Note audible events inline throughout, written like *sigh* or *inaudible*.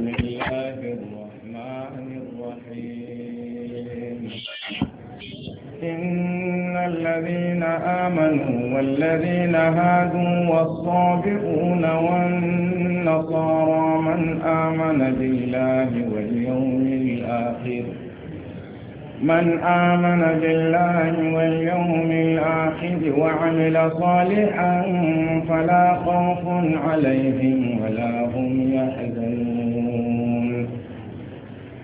بسم الله الرحمن الرحيم إن الذين آمنوا والذين هادوا والصابئون والنصارى من آمن بالله واليوم الآخر من آمن بالله واليوم الآخر وعمل صالحا فلا خوف عليهم ولا هم يحزنون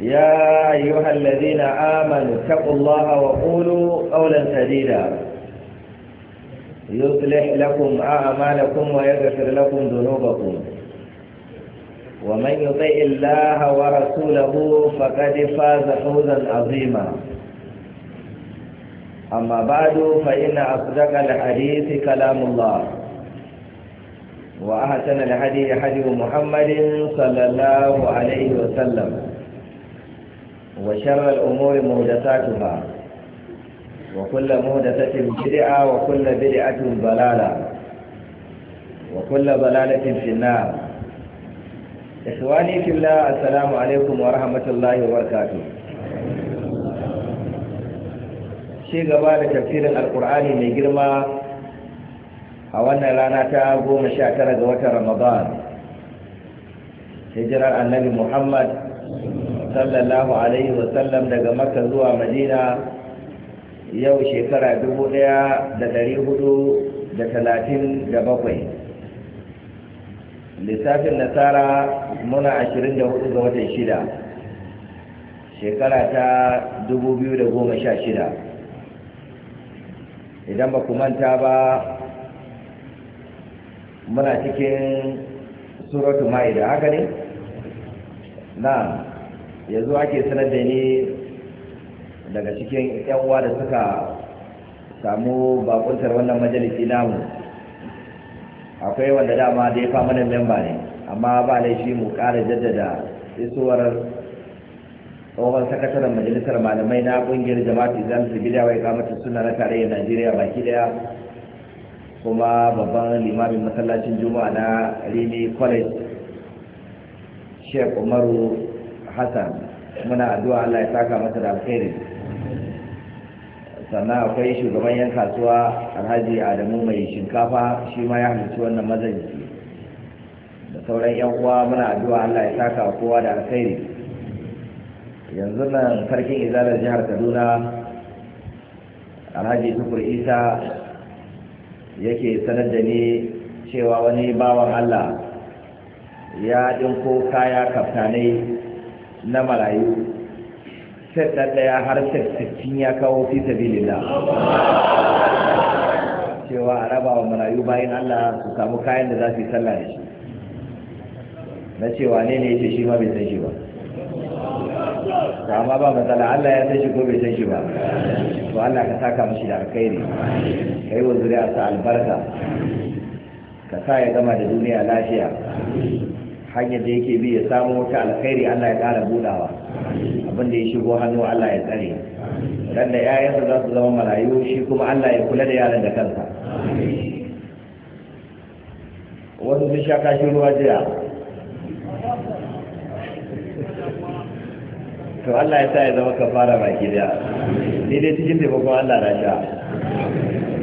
يا أيها الذين آمنوا اتقوا الله وقولوا قولا سديدا يصلح لكم أعمالكم ويغفر لكم ذنوبكم ومن يطع الله ورسوله فقد فاز فوزا عظيما أما بعد فإن أصدق الحديث كلام الله وأحسن الحديث حديث محمد صلى الله عليه وسلم وشر الأمور مهدساتها وكل مهدسة بدعة وكل بدعة ضلالة وكل ضلالة في النار إخواني في الله السلام عليكم ورحمة الله وبركاته شيء قبل تفسير القرآن من جرمى أولنا لنا تابو مشاكرة وتر رمضان hijirar annabi muhammad sallallahu alaihi wasallam daga makka zuwa madina yau shekara dubu ɗaya da hudu da talatin da bakwai lissafin nasara muna ashirin da hudu ga watan shida shekara ta dubu biyu da goma sha shida idan ba ku manta ba muna cikin suratu ma'ida haka ne na yanzu ake sanar da ni daga cikin uwa da suka samu bakuntar wannan majalisi namu akwai wanda dama da ya fa mana memba ne amma ba laifi mu kara jaddada isuwar tsohon sakataren majalisar malamai na ƙungiyar jama'a islamu gida wai kamata suna na tarayyar najeriya baki daya kuma babban limamin masallacin juma'a na rini college sheikh umaru hassan muna addu'a allah ya saka masa da alkhairi sannan akwai shugaban yan kasuwa alhaji adamu mai shinkafa shi ma ya halarci wannan mazaji da sauran yan uwa muna addu'a allah ya saka kowa da alkhairi yanzu nan sarkin izalar jihar kaduna alhaji tukur isa yake sanar da ni cewa wani bawan allah ya ɗinko kaya kaftanai na marayu set na ɗaya har set sittin ya kawo fi sabilillah cewa a raba wa marayu bayan Allah su samu kayan da za su yi sallah da shi na cewa ne ne yake shi ma bai san shi ba amma ba matsala Allah ya san shi ko bai san shi ba to Allah ka saka mashi da alkhairi ka yi wa zuriya sa albarka ka sa ya gama da duniya lafiya hanyar da yake bi ya samu wata alkhairi Allah ya ƙara budawa abin da ya shigo hannu Allah ya tsare dan da yayansa za su zama marayu shi kuma Allah ya kula da yaran da kansa wasu sun sha kashin ruwa jiya to Allah ya sa ya zama kafara baki da ni dai cikin taimakon Allah na sha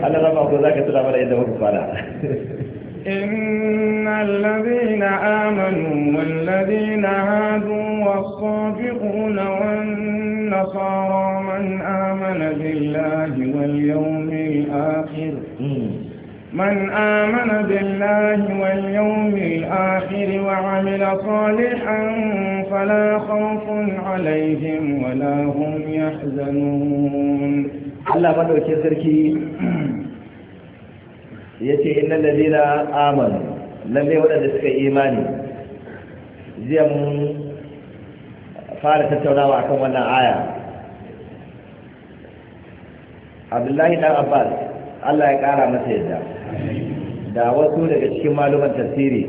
Allah raba ko za ka tura mana yadda muka fara *laughs* إن الذين آمنوا والذين هادوا والصابقون والنصارى من آمن بالله واليوم الآخر من آمن بالله واليوم الآخر وعمل صالحا فلا خوف عليهم ولا هم يحزنون الله بدأ كسركي ya ce inna lalina Amadu, lalle waɗanda suka imani zai mun fara tattaunawa kan wannan aya abdullahi dan abbas allah ya ƙara masa yadda da wasu daga cikin maluman tasiri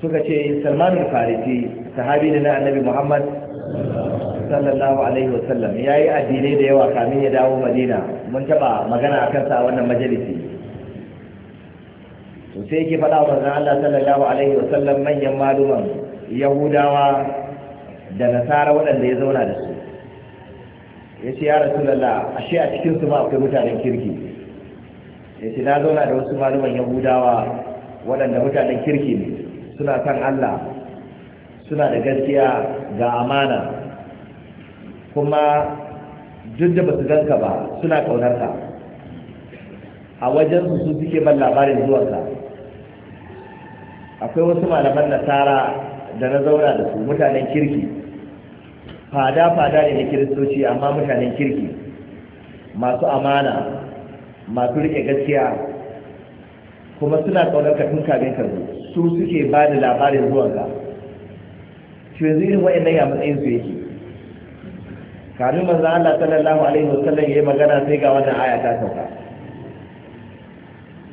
suka ce salman farisi sahabi ne na annabi muhammad sallallahu alaihi wasallam ya yi addinai da yawa kamin ya dawo madina mun taɓa magana a kansa a wannan majalisi to sai yake faɗa wa manzon Allah sallallahu alaihi wa sallam manyan maluman yahudawa da nasara waɗanda ya zauna da su ya ce ya rasulallah ashe a cikin su ma akwai mutanen kirki ya ce na zauna da wasu maluman yahudawa waɗanda mutanen kirki ne suna san Allah suna da gaskiya ga amana kuma duk da su ganka ba suna kaunar ka a wajen su sun suke ban labarin zuwanka. akwai wasu malaman nasara da na zauna da su mutanen kirki fada fada ne na kiristoci amma mutanen kirki masu amana masu rike gaskiya kuma suna kaunar ka tun kafin ka su suke ba da labarin zuwanka shi to yanzu irin wa'annan ya matsayin su yake kamin manzo Allah sallallahu alaihi wasallam yayi magana sai ga wannan aya ta sauka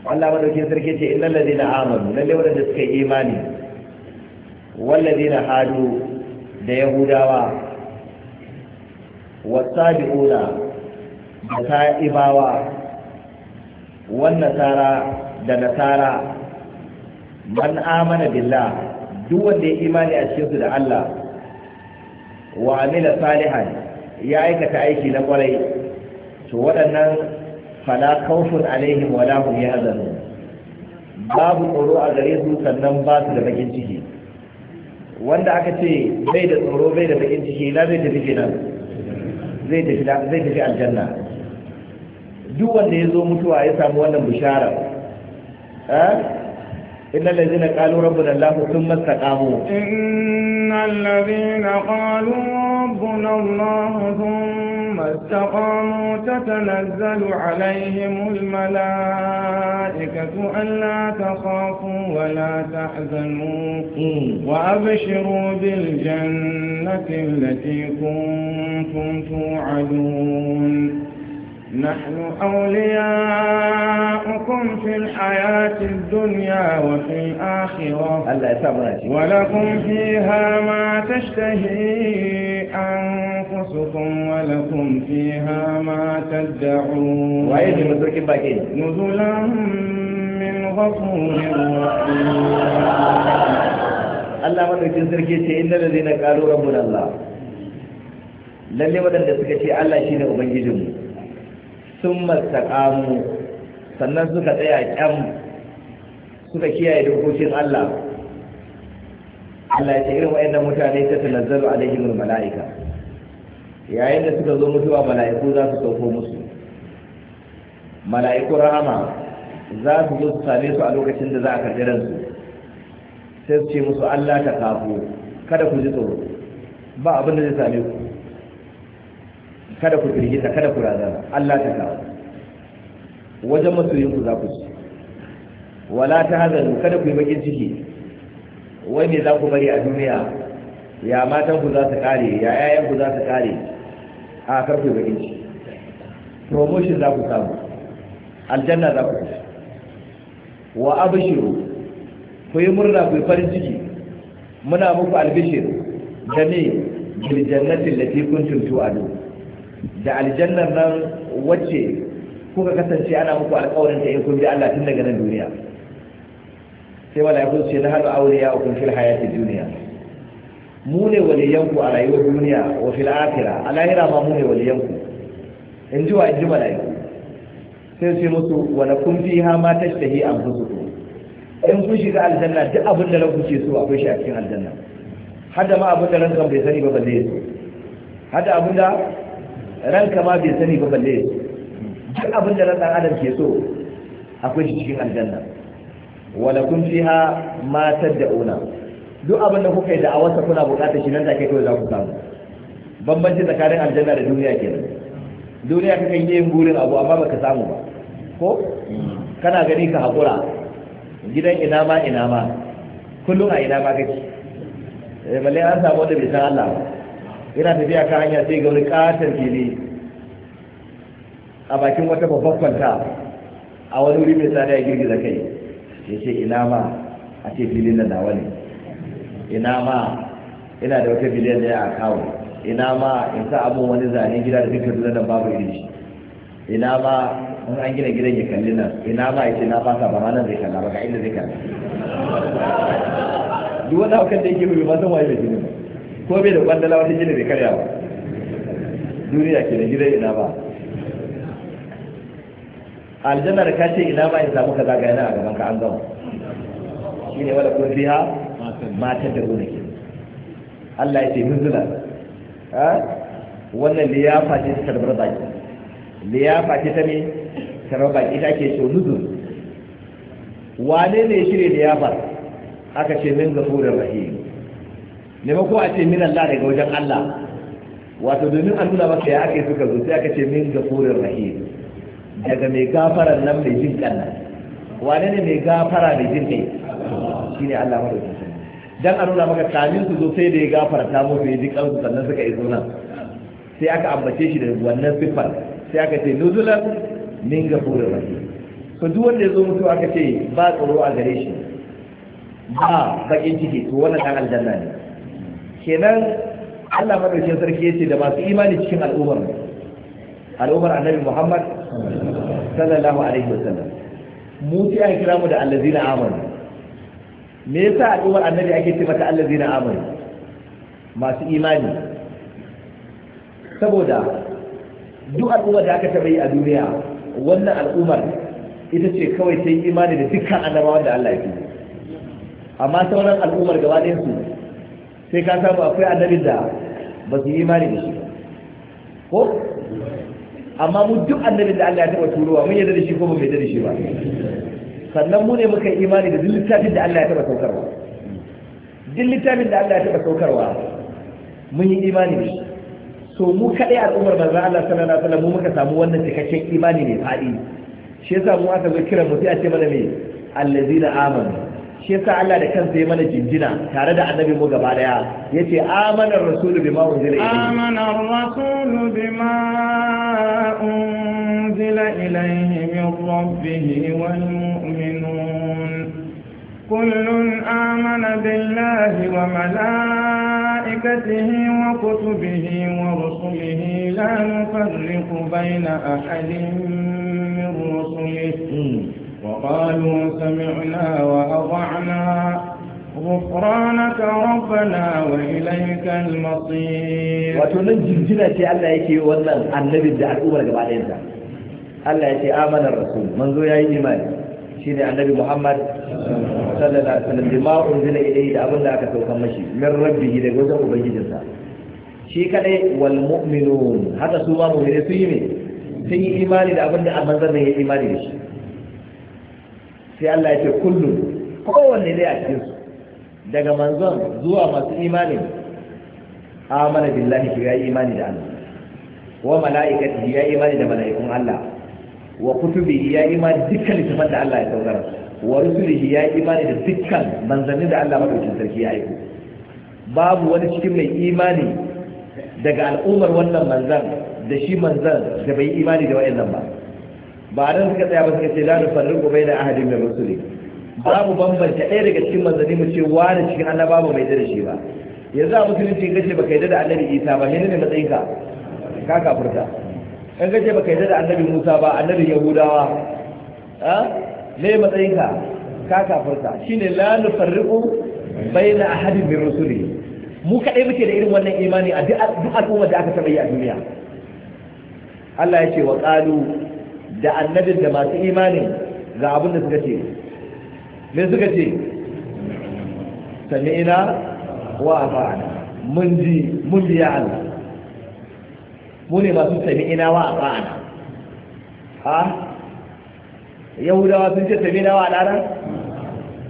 Allah madaukin sarki ce innal ladina amanu lalle wanda suka yi imani wal ladina hadu da yahudawa wasabiuna da sa'ibawa wan nasara da nasara man amana billah duk wanda ya imani a cikin su da Allah wa amila salihan ya aikata aiki na kwarai to waɗannan fala kawfin alaihim wala ya yahzanun babu tsoro a gare su sannan ba su da bakin ciki wanda aka ce bai da tsoro bai da bakin ciki na zai tafi kenan zai zai tafi aljanna duk wanda ya zo mutuwa ya samu wannan bishara eh? إن الذين قالوا ربنا الله ثم استقاموا إن الذين قالوا ربنا الله ثم استقاموا تتنزل عليهم الملائكة ألا تخافوا ولا تحزنوا وأبشروا بالجنة التي كنتم توعدون نحن أولياؤكم في الحياة الدنيا وفي الآخرة ولكم فيها ما تشتهي أنفسكم ولكم فيها ما تدعون نزلا من غفور رحيم Allah madaukin sarki ce inna ladina qalu rabbuna Allah lalle wadanda suka ce Allah shine sun mu sannan suka tsaya ƙyam suka kiyaye dokokin Allah Allah ya ce irin wa'annan mutane ta tanazzalu alaihim mala'ika yayin da suka zo mutuwa mala'iku za su sauko musu mala'iku rahama za su zo su same su a lokacin da za a karɓi ransu sai su ce musu Allah ta kafu kada ku ji tsoro ba abin da zai same ku kada ku firgita kada ku razana Allah ta kawo wajen masoyin ku za ku ci wala ta hazanu kada ku yi bakin ciki wai me za ku bari a duniya ya matan ku za su kare ya yayan ku za su kare a kar ku yi bakin ciki promotion za ku samu aljanna za ku ci wa abshiru ku yi murna ku yi farin ciki muna muku albishir da ne bil jannati allati kuntum tu'adun da aljannar nan wacce kuka kasance ana muku alƙawarin ta in kun bi Allah tun daga nan duniya sai malaiku ce na halu aure ya kun fil hayati duniya mu ne waliyanku a rayuwar duniya wa fil akhirah a lahira ma mu ne waliyanku in ji wa in ji malaiku sai sai musu wa lakum fiha ma tashtahi anfusukum in kun shiga aljanna duk abin da ranku ke so akwai shi a cikin aljanna har da ma abin da ranka bai sani ba ba zai so har da abin da ranka ma bai sani ba balle duk abin da ran adam ke so akwai shi cikin aljanna wala kun fiha ma tad'una duk abin da kuka yi da awasa kuna bukatar shi nan da take kawai za ku samu bambanci tsakanin aljanna da duniya ke nan. duniya kaka yi yin burin abu amma baka samu ba ko kana gani ka hakura gidan ina ma ina ma kullum a ina ma kake eh, balle an samu wanda bai san Allah ba yana tafiya kan hanya sai ga wani katon fili a bakin wata babban kwanta a wani wuri mai tsada ya girgiza kai ya ce ina ma a ce filin da nawa ne ina ma ina da wata biliyan da a kawo ina ma in sa abin wani zane gida da dukkan duniya nan babu iri shi ina ma in an gina gidan ya kalli nan ina ma ya ce na fasa ba ma nan zai kalla ba ga inda zai kalla duk wani haukan da yake mai ba zan waye da jini ba ko bai da kwandala wata gina bai karya ba duniya ke da gida ina ba aljanna da kace ina ba in samu kaza ga yana a gaban ka an gama ne wala kun fiha matan da gona ke Allah ya ce nuzula wannan liyafa ce ta tarbar baki liyafa ce ta ne tarbar baki ita ke so nuzul wane ne shirye liyafar aka ce min gafurin rahim maimako a ce min Allah daga wajen Allah wato domin a nuna maka ya ake suka zo sai aka ce min gafurin rahim daga mai gafara nan mai jin kan wane ne mai gafara mai jin kai ne Allah madaukakin dan a nuna maka kamin su zo sai da ya ta mu ya jin kansu sannan suka iso nan sai aka ambace shi da wannan siffar sai aka ce nuzulan min gafurin rahim to duk wanda ya zo mutu aka ce ba tsoro a gare shi ba bakin ciki to wannan dan aljanna ne kenan Allah madaukakin sarki yace da masu imani cikin al'ummar al'ummar annabi Muhammad sallallahu alaihi wasallam mu sai aka kira mu da allazina amanu me yasa al'ummar annabi ake ce mata allazina amanu masu imani saboda duk al'ummar da aka taɓa yi a duniya wannan al'ummar ita ce kawai ta yi imani da dukkan annabawan da Allah ya fi amma sauran al'ummar gaba ɗayan su sai ka samu akwai annabin da ba su yi imani da shi ko amma mu duk annabin da Allah ya taɓa turowa mun yarda da shi ko ba mu yarda da shi ba sannan mu ne muka yi imani da duk littafin da Allah ya taɓa saukarwa duk littafin da Allah ya taɓa saukarwa mun yi imani da shi so mu kaɗai al'ummar manzan Allah sallallahu alaihi wasallam mu muka samu wannan cikakken imani ne faɗi shi yasa mu aka zo kiran mu sai a ce mana me allazina amanu shi yasa Allah da kansa ya mana jinjina tare da annabi mu gaba daya yace amana rasulu bima unzila ilayhi amana rasulu bima unzila ilayhi min rabbihi wal mu'minun kullun amana billahi wa malaikatihi wa kutubihi wa rusulihi la nufarriqu bayna ahadin min rusulihi hmm. وقالوا سمعنا وأطعنا غفرانك ربنا وإليك المصير وتنن جنجنة الله يكي ونن النبي دع الأمر قبل أنت الله يكي آمن الرسول منذ يا إيمان شين النبي محمد صلى الله عليه وسلم بما أنزل إليه دع أبن لك سوكا مشي من ربه لغزه وبيجنسا shi kadai wal mu'minun haka su ma mu'mini su yi ne sun yi imani da abin da manzon ne ya imani da shi sai Allah ya ce kullum kowanne ne a cikin su daga manzon zuwa masu imani amana billahi shi ya yi imani da Allah wa mala'ikati ya yi imani da mala'ikun Allah wa kutubi ya yi imani dukkan littafan da Allah ya saukar wa rusulihi ya yi imani da dukkan manzannin da Allah madaukakin sarki ya aiko babu wani cikin mai imani daga al'ummar wannan manzan da shi manzan da bai imani da wa'annan ba ba nan suka tsaya ba suka ce la nufarrin gobe da ahadin mai rusuli babu bambanta ɗaya daga cikin manzanni mu ce wani cikin annaba ba mai dare shi ba yanzu a musulunci ka ba baka yi da annabi isa ba menene matsayin ka ka kafurta in kace ba baka yi da annabi musa ba annabi yahudawa a me matsayin ka ka kafurta shine la nufarriqu baina ahadin min rusuli mu kadai muke da irin wannan imani a duk al'ummar da aka taba yi a duniya Allah ya ce wa qalu da annabin da masu imanin ga abin da suka ce me suka ce sami'ina wa ata'ana mun ji mun biya Allah mu ne masu sami'ina wa ata'ana ha yahudawa sun ce sami'ina wa ɗara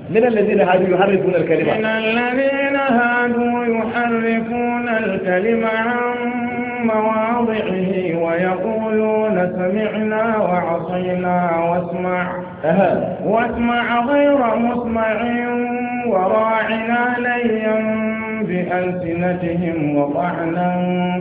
من الذين هادوا يحرفون الكلمة من الذين هادوا يحرفون الكلمة عن مواضعه ويقولون سمعنا وعصينا واسمع واسمع غير مسمع وراعنا ليا بألسنتهم وطعنا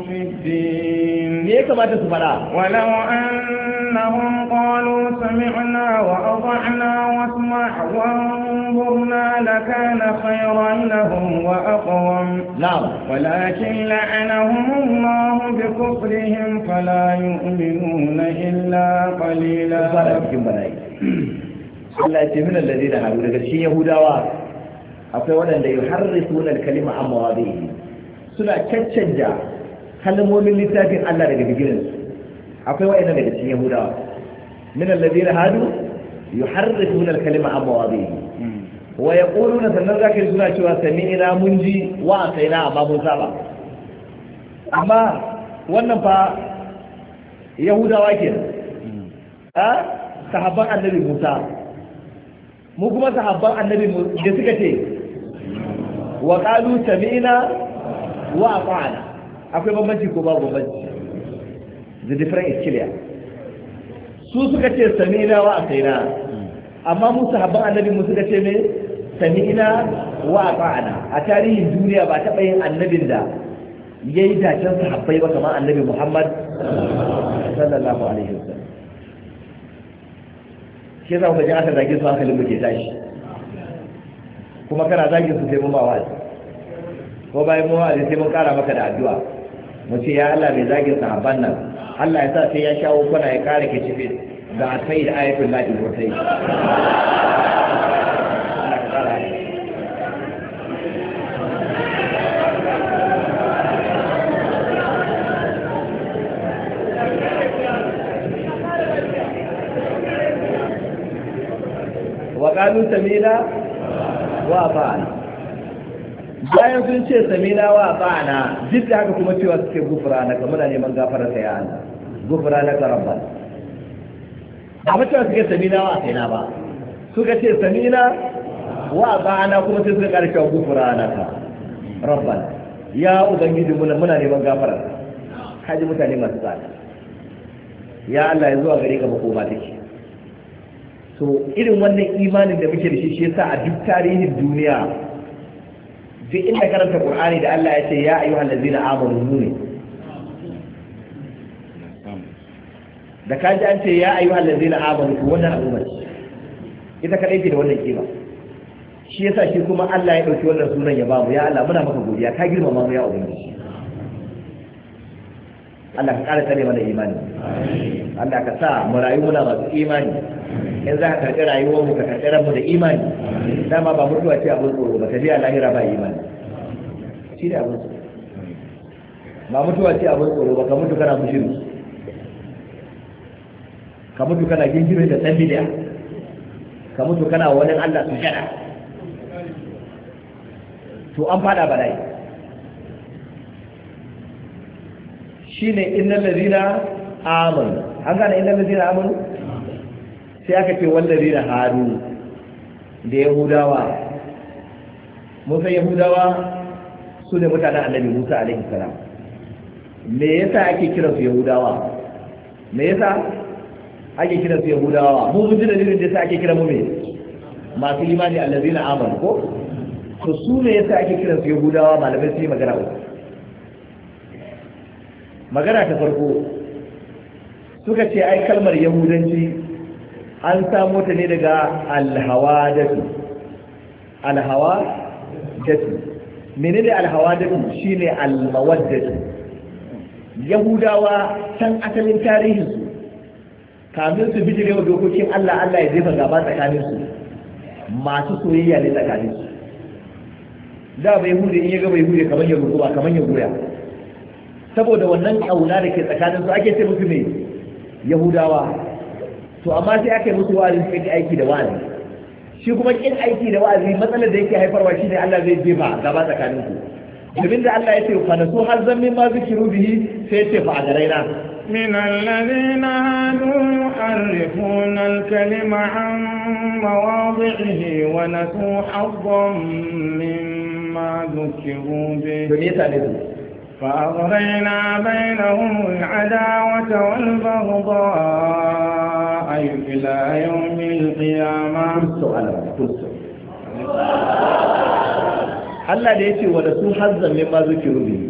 في الدين ولو أنهم قالوا سمعنا وأطعنا واسمع وانظرنا لكان خيرا لهم وأقوم نعم ولكن لعنهم الله بكفرهم فلا يؤمنون إلا قليلا Allah ya ce min allazi da haru daga cikin Yahudawa akwai waɗanda yi har risunar kalima amma wa suna caccanja kalmomin littafin Allah daga bigirinsu akwai waɗanda daga cikin yahudawa min allazi da hadu yi har risunar kalima amma wa wa ya ƙoro na sannan za ka yi suna cewa sami ina mun ji wa a sai na amma mun saba amma wannan fa yahudawa ke hmm. A ah, sahabban annabi musa mu kuma sahabban annabi da suka ce wa qalu sami'na wa ata'na akwai bambanci ko babu bambanci the different is clear su suka ce sami'na wa ata'na amma mu sahabban annabi mu suka ce me sami'na wa ata'na a tarihin duniya ba taɓa yin annabin da ya yi dacen sahabbai ba kamar annabi Muhammad sallallahu alaihi wasallam shi yasa ku ji aka zage su hankalin mu ke tashi kuma kana zagin su sai mun ba wa'azi ko bayan mun wa'azi sai mun kara maka da addu'a mu ce ya Allah mai zagin sa sahabban nan Allah ya sa sai ya shawo kwana ya kare ke cife da sai da ayatul lahi ko sai وقالوا سمينا wa ba'ana bayan sun ce samina wa ba'ana duk da haka kuma cewa suke gufura na kamar neman gafara ka ya Allah gufura na karamba a mutum suke samina wa kaina ba suka ce samina wa ba'ana kuma sai suka karshe gufura na ka rabbana ya ubangiji muna muna neman gafara kaji mutane masu tsada ya Allah ya zuwa gare ka makoma take to irin wannan imanin da muke da shi shi yasa a duk tarihin duniya duk inda karanta qur'ani da Allah ya ce ya ayyuhal ladzina amanu nuni da kaji an ce ya ayyuhal ladzina amanu to wannan al'umma ita kadai ce da wannan kima shi yasa shi kuma Allah ya dauki wannan sunan ya bamu ya Allah muna maka godiya ka girmama mu ya ubangiji Allah ka kara tare mana imani Allah ka sa mu rayu muna masu imani in za ka karɓi rayuwar mu ka karɓi ranmu da imani dama ba mutuwa ce abin tsoro ba ta biya lahira ba imani shi ne abin tsoro ba mutuwa ce abin tsoro ba ka mutu kana mushiru ka mutu kana gingiri da san bidiya ka mutu kana wani allah su shaɗa to an faɗa bala'i shine innal ladina amanu an gane innal ladina amanu sai aka ce wallazi da haru da yahudawa mun san yahudawa su ne mutanen annabi musa alaihi salam me yasa ake kira su yahudawa me yasa ake kira su yahudawa mu mun ji nirin da yasa ake kiran mu me masu imani na amal ko to su ne yasa ake kira su yahudawa malamai su yi magana uku magana ta farko suka ce ai kalmar yahudanci an samu ta ne daga alhawa datu alhawa datu mene ne alhawa datu shi ne almawaddatu yahudawa can asalin tarihinsu kamin su bijire wa dokokin allah allah ya jefa gaba tsakaninsu masu soyayya ne tsakaninsu da bai hude in ya ga bai hude kamar ya rubuwa kamar ya goya saboda wannan kauna da ke tsakaninsu ake ce musu ne yahudawa to amma sai aka yi musu wa'azi suka aiki da wa'azi shi kuma kin aiki da wa'azi matsalar da yake haifarwa shine Allah zai jefa gaba tsakanin ku domin da Allah ya ce fa nasu har zammin ma zikiru bihi sai ce fa a garaina من الذين هادوا يحرفون الكلم عن مواضعه ونسوا حظا مما ذكروا به فأغرينا بينهم العداوة والبغضاء إلى يوم القيامة السؤال الله ليتي ورسو حزا لما ذكر به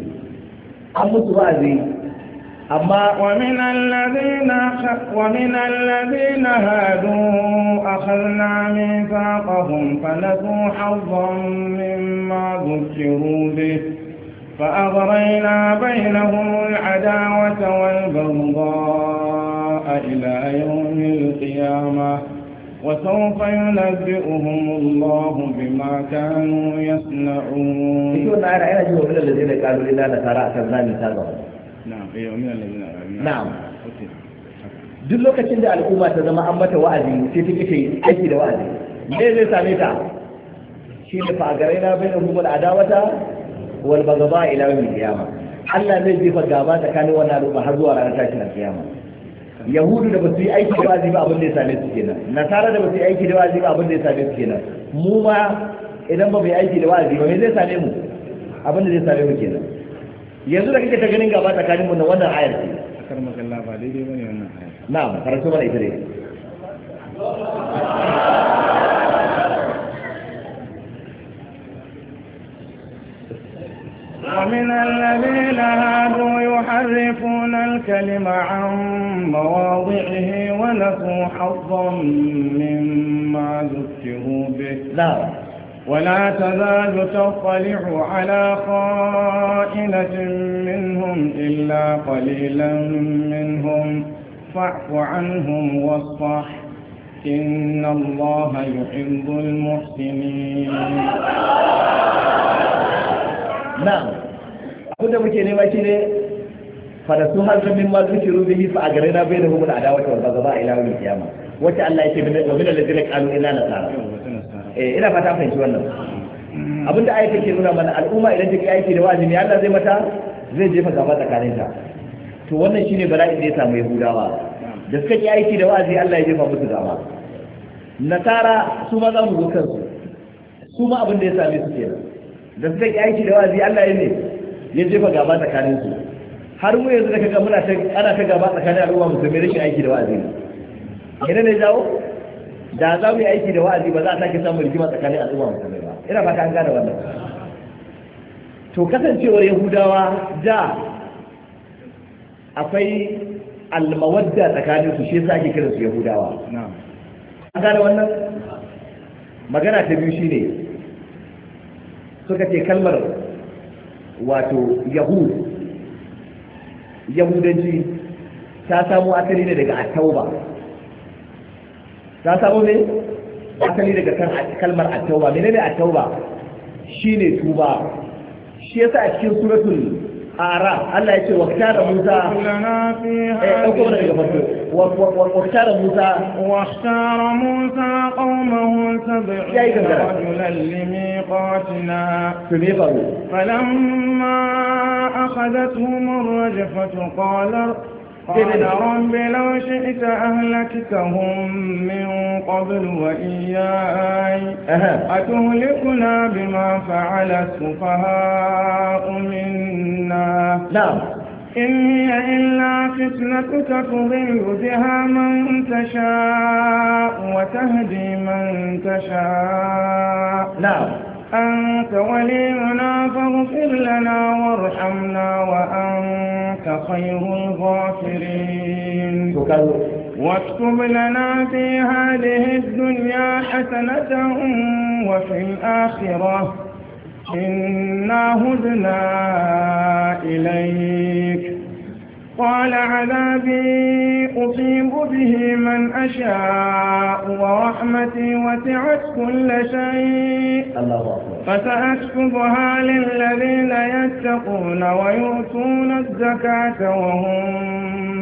أم سؤالي أما ومن الذين ومن الذين هادوا أخذنا ميثاقهم فنسوا حظا مما ذكروا به فأغرينا بينهم العداوة والبغضاء إلى يوم القيامة وسوف ينبئهم الله بما كانوا يصنعون. يقول أنا أنا من الذين قالوا لنا نترى أكلنا مثالا. نعم أيوه من الذين نعم. duk lokacin da al'umma ta zama an mata wa'azi sai ta kike aiki da wa'azi me zai same ta shi ne fa garai na bai da hukumar adawata wal bagaba ila mai qiyama Allah zai jefa gaba tsakanin wannan al'umma har zuwa ranar na alkiyama yahudu da basu yi aiki da wazi ba abin da ya same su kenan nasara da basu yi aiki da wazi ba abin da ya same su kenan mu ma idan ba mu yi aiki da wazi ba me zai same mu abin da zai same mu kenan yanzu da kake ta ganin gaba tsakanin mu na wannan ayar ce akar magalla ba daidai bane wannan ayar na'am karatu mana ita dai ومن الذين هادوا يحرفون الكلم عن مواضعه ونسوا حظا مما ذكروا به لا. ولا تزال تطلع على خائنة منهم إلا قليلا منهم فاعف عنهم واصفح إن الله يحب المحسنين نعم abin muke nema shi ne fada su har zamin ma zuke bihi fa a gare na bai da hukumar adawa ta wanda zaba ila wani kiyama wacce Allah yake ce da min allazina qalu inna nasara eh ina fata fahimci wannan abinda da ayata ke nuna mana al'umma idan take aiki da ne Allah zai mata zai jefa gaba tsakanin ta to wannan shine bala'i da ya samu yahudawa da suka yi aiki da wa'azi Allah ya jefa musu gaba nasara su ma za mu zo kansu su ma abin da ya same su kenan da suka yi aiki da wa'azi Allah ya ne ya jefa gaba tsakanin su har mu yanzu da kaga muna ana ta gaba tsakanin al'umma musulmi rashin aiki da wa'azi ina ne jawo da za mu yi aiki da wa'azi ba za a sake samun rigima tsakanin al'umma musulmi ba ina fata an gane wannan to kasancewar yahudawa da akwai almawadda tsakanin su shi yasa ake kiran su yahudawa an gane wannan magana ta biyu shine suka ce kalmar wato yahud yahudanci ta samo asali ne daga attauba ta samo ne asali daga kan kalmar attauba menene attauba shine tuba shi yasa a cikin suratul ara Allah ya ce wa kana Musa eh dauko daga farko واختار موسى واختار موسى قومه سبعين رجلا لميقاتنا فلما أخذتهم الرجفة قال قال رب لو شئت أهلكتهم من قبل وإياي أتهلكنا بما فعل السفهاء منا نعم إن هي إلا فتنتك تضل بها من تشاء وتهدي من تشاء نعم أنت ولينا فاغفر لنا وارحمنا وأنت خير الغافرين واكتب لنا في هذه الدنيا حسنة وفي الآخرة إنا هدنا إليك قال عذابي أصيب به من أشاء ورحمتي وسعت كل شيء فسأكتبها للذين يتقون ويؤتون الزكاة وهم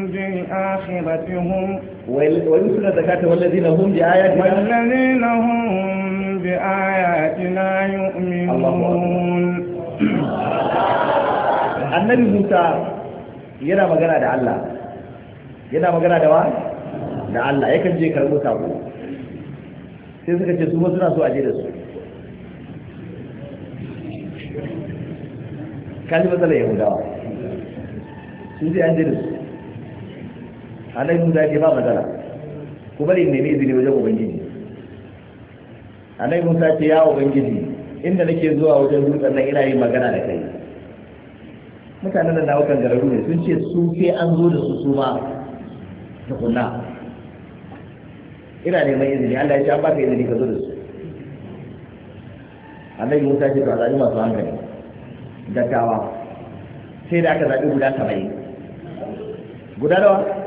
بآخرتهم ويؤتون زكاة والذين هم بآياتنا والذين هم بآياتنا يؤمنون annabi Musa yana magana da Allah yana magana da wa da Allah yakan je karɓo sako sai suka ce su suna so a je da su kaji matsalar yahudawa sun je an je da su annabi Musa ya ce ba magana ku bari ne ne izini wajen ubangiji annabi Musa ya ce ya ubangiji inda nake zuwa wajen dutsen nan ina yin magana da kai mutanen da nawukan gararu ne sun ce su sai an zo da su su ma kunna. ina neman izini Allah ya ce an baka izini ka zo da su annabi Musa ce to a zaɓi masu hankali dattawa sai da aka zaɓi guda saba'in guda nawa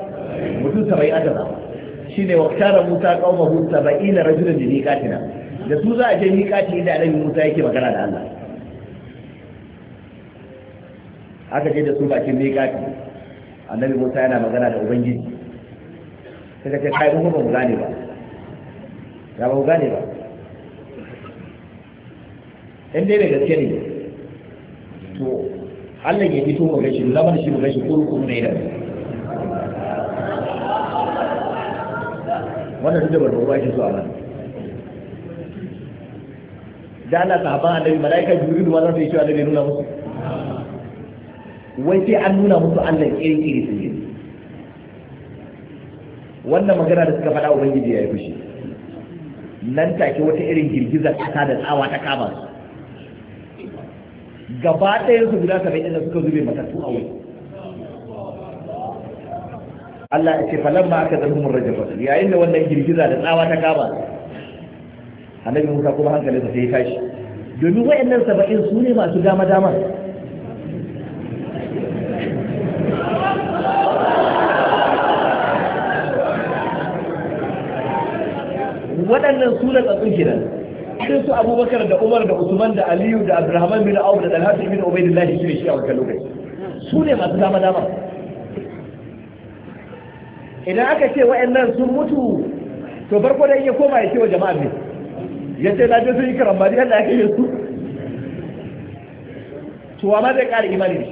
mutum saba'in aka zaba shi ne waktara musa ƙaumahu saba'in na rajulun da miƙatina da su za a je miƙati inda annabi musa yake magana da allah aka je da su bakin miƙati annabi musa yana magana da ubangiji sai ka ce kai mu ba mu gane ba ya ba mu gane ba in dai da gaske ne to Allah ya fito mu gashi lamar shi mu gashi kurkuru ne da wannan duk da barbaru ba shi zuwa nan da ana sahaban annabi malaika jirgin ma za su yi cewa annabi nuna musu wai sai an nuna musu Allah irin iri sun yi wannan magana da suka faɗa ubangiji ya yi fushi nan take wata irin girgizar kasa da tsawa ta kama su gaba ɗayan su guda saba'in da suka zube matattu a wani Allah ya ce falamma aka zarhum rajafa yayin da wannan girgiza da tsawa ta kama annabi Musa kuma hankalin sa sai ya tashi domin wayannan saba'in su ne masu dama dama waɗannan su na tsatsun kenan irin su abubakar da umar da usman da aliyu da abdurrahman bin auf da dalhatu bin ubaidillahi shi ne shi a wannan lokaci su ne masu dama dama idan aka ce wa'annan sun mutu to farko da ya koma ya ce wa jama'a ne ya ce na je sun yi karambani yadda aka yi su to ma zai ƙara imani ne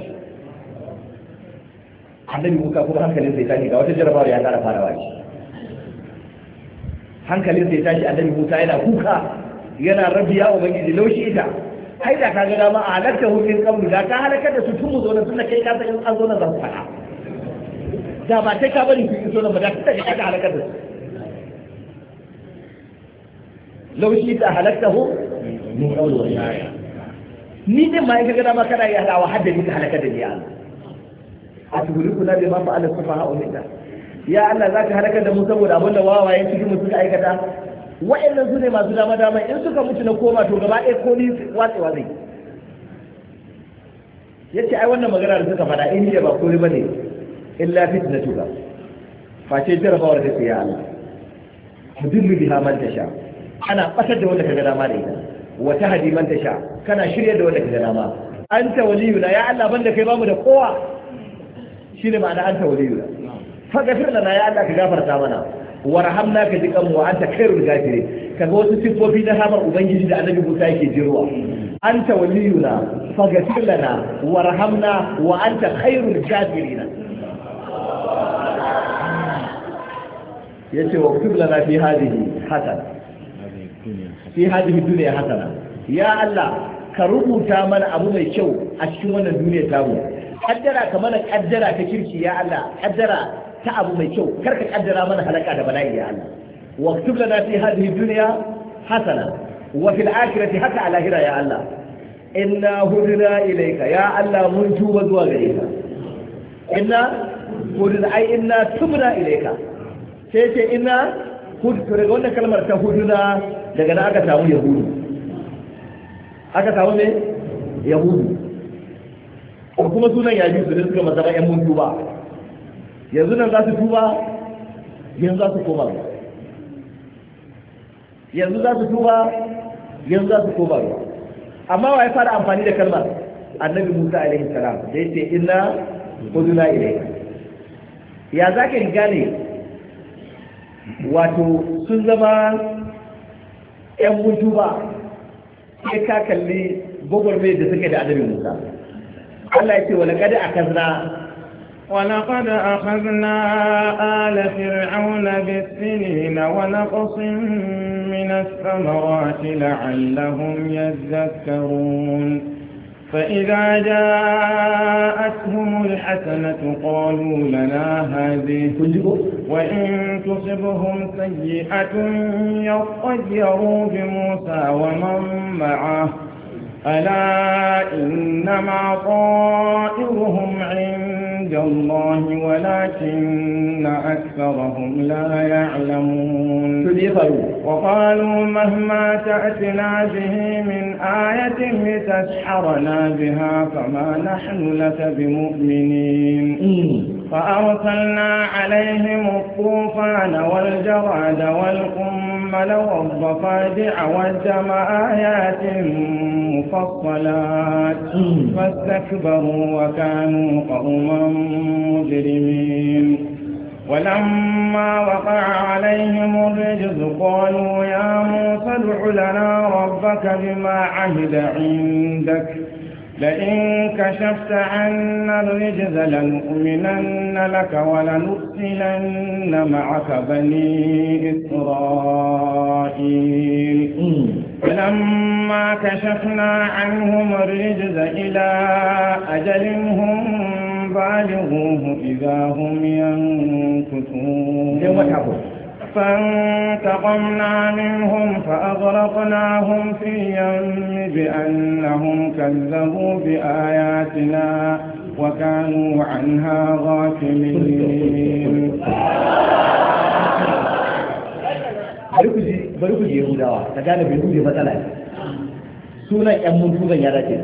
annabi muka kuma hankalin sai tashi ga wata jarabawar ya ƙara farawa shi hankalin sai tashi annabi wuta yana kuka yana rabiya bangiji laushi ita ai da ka ga dama a halatta hukumin kan da ka halakar da su tun mu zo na tun da kai ka san an zo na zan faɗa da ba ta ka bari fiye so na ba da ta ka ta halakar da laushi ta halakta ho ni ne ma yake gada ma kada ya hada wa hadda ni ka halakar da ni A Allah a tuguri kula bai ba ba Allah su faha umita ya Allah za ka halakar da mu saboda abin da wawaye ciki mu suka aikata wa'annan su ne masu dama dama in suka mutu na koma to gaba ɗaya ko ni watsewa zai ya ce ai wannan magana da suka faɗa eh, in ba kuri ba ne illa fitnatuka face jarabawar da ya Allah tudillu biha man sha. ana batar da wanda kaga dama da ita wa tahdi man ta sha. kana shirye da wanda kaga dama anta waliyuna ya Allah banda kai bamu da kowa shine ma'ana anta waliyuna faghfir lana ya Allah ka gafarta mana warhamna ka ji kanmu anta khairul ghafirin kaga wasu sifofi na hamar ubangiji da annabi Musa yake jirwa anta waliyuna faghfir lana warhamna wa anta khairul ghafirin ya ce wa kubla na fi hadihi hasana fi hadihi duniya hasana ya Allah ka rubuta mana abu mai kyau a cikin wannan duniya ta mu kaddara ka mana kaddara ka kirki ya Allah kaddara ta abu mai kyau kar ka kaddara mana halaka da bala'i ya Allah wa kubla na fi hadihi duniya hasana wa fil akhirati haka a lahira ya Allah inna hudna ilayka ya Allah mun tuba zuwa gare ka inna hudna ai inna tubna ilayka sai ce ina hudu to daga wannan kalmar ta hudu na daga na aka samu yahudu aka samu ne yahudu ko kuma sunan ya su ne suka mazaba yan mun tuba yanzu nan za su tuba yanzu za su koma yanzu za su tuba yanzu za su koma amma wa ya fara amfani da kalmar annabi Musa alaihi salam da ce inna huduna ilayka ya zaka gane wato sun zama ‘yan mutu ba, ya ka kalli gobar mai da suke da adamin musa. Allah ya ce wani kada a kazna, wani kada a kazna ala fir'aun na bisini na wani kusin minas kamar wa shi la’allahun yadda karu. فإذا جاءتهم الحسنة قالوا لنا هذه وإن تصبهم سيئة يطيروا بموسى ومن معه ألا إنما طائرهم عند عند الله ولكن أكثرهم لا يعلمون وقالوا مهما تأتنا به من آية لتسحرنا بها فما نحن لك بمؤمنين إيه. فأرسلنا عليهم الطوفان والجراد والقمر والرمل والضفادع والدم آيات مفصلات فاستكبروا وكانوا قوما مجرمين ولما وقع عليهم الرجز قالوا يا موسى ادع لنا ربك بما عهد عندك لئن كشفت عنا الرجز لنؤمنن لك ولنرسلن معك بني إسرائيل فلما كشفنا عنهم الرجز إلى أجل هم بالغوه إذا هم ينكثون فانتقمنا منهم فأغرقناهم في اليم بأنهم كذبوا بآياتنا وكانوا عنها غافلين bari ku je Yahudawa ta gane bai rude matsala ne sunan ƴan mutunan ya dace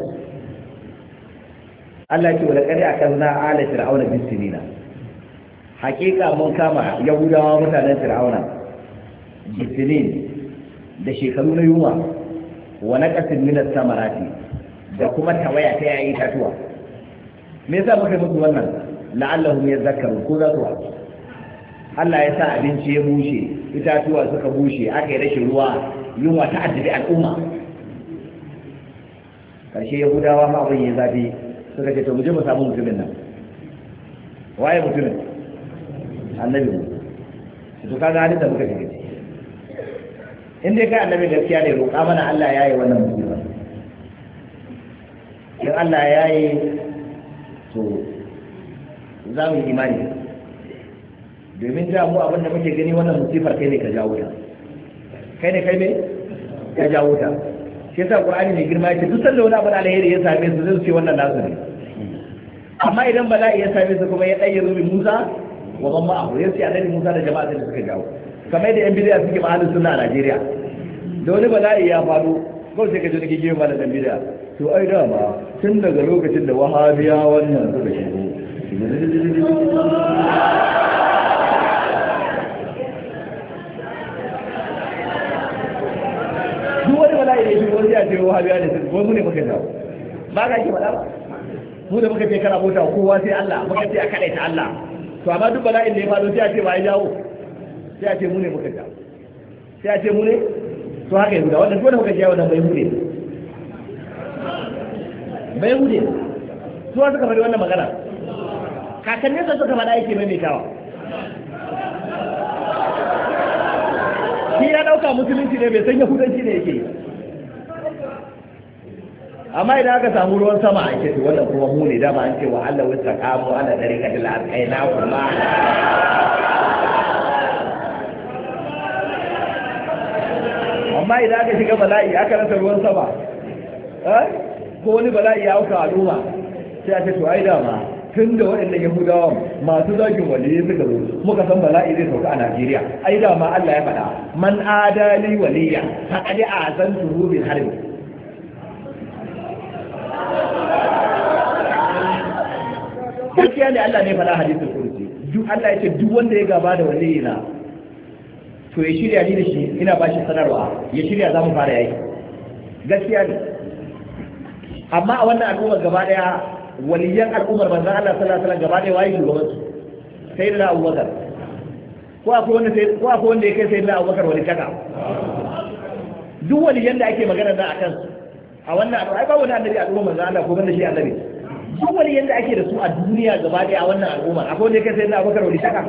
Allah ya ce a laqad akanna ala fir'auna bis sinina hakika mun kama yahudawa mutanen fir'auna bisinin da shekaru na yunwa wa naqasin min samarati da kuma tawaya ta yayi tatuwa me yasa muka musu wannan la'allahum yadhakkaru ko za su Allah ya sa abinci ya bushe itatuwa suka bushe aka yi rashin ruwa yunwa ta addabi al'umma karshe yahudawa ma abin ya zafi suka ce to mu je mu samu mutumin nan waye mutumin annabi mu to kaga hadin da muka shiga in dai kai annabi gaskiya ne roƙa mana Allah ya yi wannan musulman. in Allah ya yi to za mu yi imani domin ta mu abin da muke gani wannan musifar, kai ne ka jawo ta kai ne kai ne ka jawo ta shi yasa qur'ani mai girma yake duk sanda wani abin alheri ya same su zai ce wannan nasu ne amma idan bala'i ya same su kuma ya ɗaya rubin musa wa man ma'ahu yace annabi Musa da jama'a da suka jawo kamar da yan bidiya suke ma'anin sunna a Najeriya da wani bala'i ya faru kawai sai ka ji nake gefe malam dan bidiya to ai da ba tun daga lokacin da wahabiya wannan suka shigo duk wani bala'i ya shigo sai a ce wahabiya ne sun wani ne muka jawo ba ka yi faɗa ba mu da muka ce kana bauta kowa sai Allah muka ce a kaɗaita Allah to amma duk bala'in da ya faɗo sai a ce ba ya jawo sai a ce mu ne muka jawo sai a ce mu ne to haka yanzu wannan dole muka jawo da bai hude bai hude su wa kamar faɗi wannan magana kakannin sa suka faɗa yake mai kawa shi ya ɗauka musulunci ne bai san yahudanci ne yake yi amma idan aka samu ruwan sama a ce wannan kuma mu ne dama an ce wa Allah wata kamo ana dare ka dila kai na kuma amma idan aka shiga bala'i aka rasa ruwan sama eh, ko wani bala'i ya auka al'umma sai a ce to ai dama tun da waɗannan yahudawa masu zagin waliyai suka zo muka san bala'i zai sauka a najeriya ai dama allah ya faɗa man adali waliya faɗi a zan turu bin harbi gaskiya ne Allah ne fara hadisin kursi duk Allah ya ce duk wanda ya gaba da wani yana to ya shirya ni da shi ina ba shi sanarwa ya shirya za mu fara yayi gaskiya ne amma a wannan al'ummar gaba daya waliyan al'ummar manzo Allah sallallahu alaihi wasallam gaba daya wayi shugaban su sai da Bakar ko akwai wanda sai ko akwai wanda ya kai sai da Bakar wani kaka duk waliyan da ake magana da akan a wannan abu ai ba wani annabi a al'ummar manzo Allah ko banda shi annabi kawai yadda ake da su a duniya gaba ɗaya a wannan al'umma akwai wanda ya kai sai na abubakar wani shaka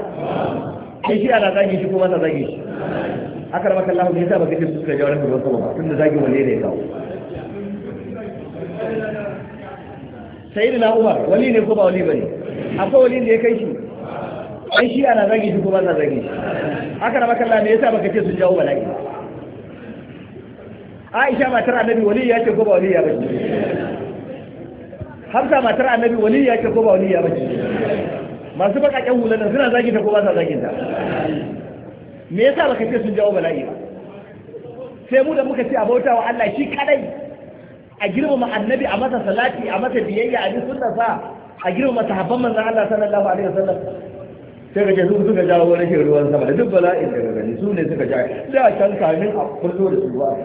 sai shi ana zage shi ko ta zage shi aka rama kallahu ne yasa baka ce su suka jawo nan ruwan ba tun da zagi wani ne ya kawo sai da umar wali ne ko ba wali bane akwai wali da ya kai shi ai shi ana zage shi ko ta zage shi aka rama kallahu ne yasa baka ce sun jawo bala'i Aisha matar annabi wali ya ce ko ba wali ya bace hamsa matar annabi waliya ce ko ba waliya ba ce masu bakakken hulan da suna zagin ta ko ba sa zagin ta me yasa baka ce sun jawo bala'i ba sai mu da muka ce a bauta wa Allah shi kadai a girmama annabi a masa salati a masa biyayya a bin sunnarsa a girmama sahabban manzon Allah sallallahu alaihi wasallam sai ka ce su suka jawo rashin ruwan sama da duk bala'in daga gani su ne suka jawo da can kamin a kullo da su ba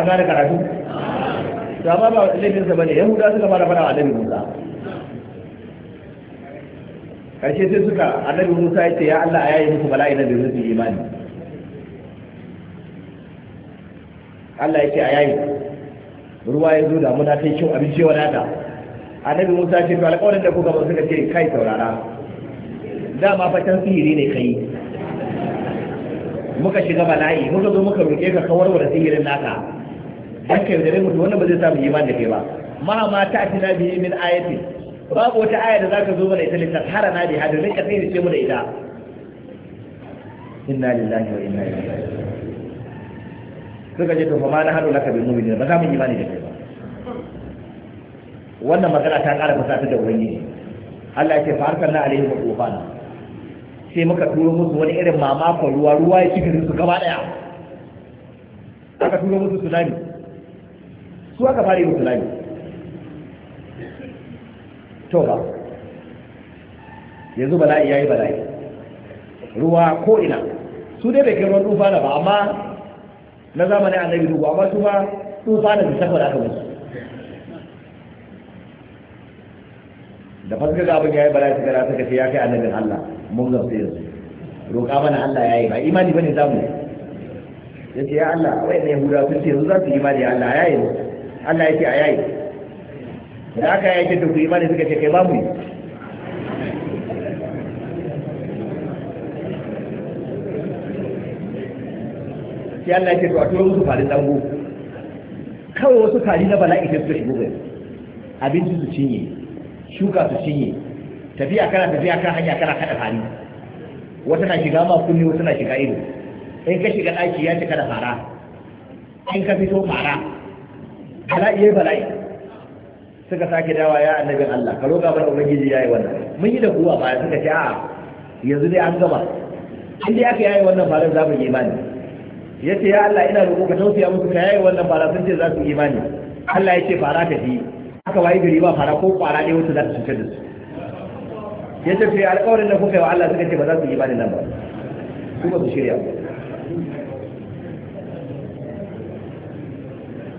an gane karatu ta ma ba laifinsa ba ne yahuda suka fara fara a annabi musa kashe sai suka annabi musa ya ce ya allah ya yayi muku bala'i na da su imani allah ya ce a yayi ruwa ya zo muna ta yi kyau abinci wadata annabi musa ce to alƙawarin da kuka ba suka ce kai saurara dama fatan sihiri ne kai muka shiga bala'i muka zo muka roƙe ka kawar wa da sihirin naka dan kai da mu wannan ba zai samu imani da kai ba ma ma ta atina bihi min ayati babu wata aya da zaka zo mana ita litahara na bi hadu ka sai ce mu da ita inna lillahi wa inna ilaihi raji'un suka ce to fa ma na hadu laka bil mu'minin ba za mu imani da kai ba wannan magana ta ƙara fasata da ubangiji Allah ya ce fa na alaihi wa sai muka turo musu wani irin mamakon ruwa ruwa ya cika su gaba daya aka turo musu tsunami su aka fara musu layi to ba yanzu bala'i ya yi bala'i ruwa ko ina su dai bai kai tufa tufa ba amma na zamani a annabi dubu amma su ba tufa da musamman da aka musu da fasika abin ya yi bala'i suka ce ya kai annabin Allah mun gamsu yanzu roƙa mana Allah ya yi ba imani ba ne zamu ce ya Allah wai ne yahuda sun ce yanzu za su imani Allah ya yayi Allah ya ce a yayi da aka yake da ku imani suka ce kai babu mu sai Allah ya ce to a turo musu farin dango kawai wasu fari na bala'i sai suka shigo gari abinci su cinye shuka su cinye tafiya kana tafiya kan hanya kana kada fari wata na shiga ma kunni wata na shiga ido in ka shiga ɗaki ya cika da fara in ka fito fara bala'i ya bala'i suka sake dawa ya annabin Allah ka roƙa bar ubangiji yayi wannan mun yi da kuwa ba suka ce a'a yanzu dai an gama in dai aka yayi wannan fara za mu yi imani ya ce ya Allah ina roƙo ka tausaya musu ka yayi wannan fara sun ce za su yi imani Allah ya ce fara ka fi aka wayi gari ba fara ko kwara ne wata za ta cutar da su ya ce fi alƙawarin da kuka yi wa Allah suka ce ba za su yi imani nan ba kuma su shirya ba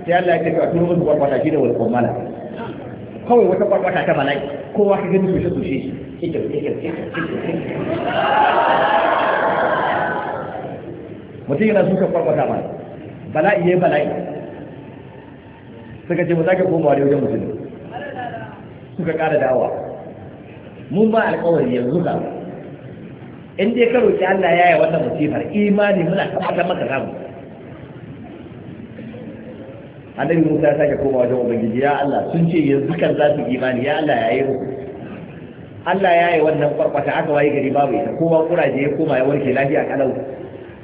sai Allah ya ce ka turo musu kwarkwata shi da wani kwamala kawai wata kwarkwata ta bala'i kowa ka gani soshe soshe kikir kikir kikir mutum yana suka kwarkwata ma bala'i ya bala'i suka ce mu ko mawa da wajen mutum suka ƙara dawa mun ba alƙawari yanzu ka in dai karo ki Allah ya yi wannan musibar imani muna tabbatar maka zamu annabi Musa ya sake koma wajen ubangiji ya Allah sun ce yanzu kan za su imani ya Allah ya yi ruku. Allah ya yi wannan farfata aka waye gari babu ita kowa kuraje ya koma ya warke lafiya kalau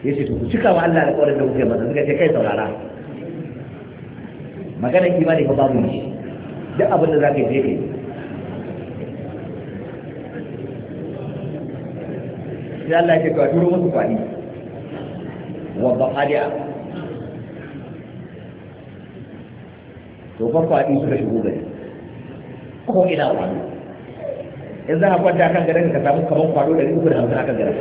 ya ce to ku cika wa Allah da kwarar da kuke masa suka ce kai saurara maganar imani fa babu ne duk abin da za ka yi zai kai sai Allah ya ce to a turo musu kwani wa baqadiya to fa kwaɗi suka shigo gari ko ina kwano. in za a kwanta kan garin ka samu kamar kwado da uku da hamsin akan garin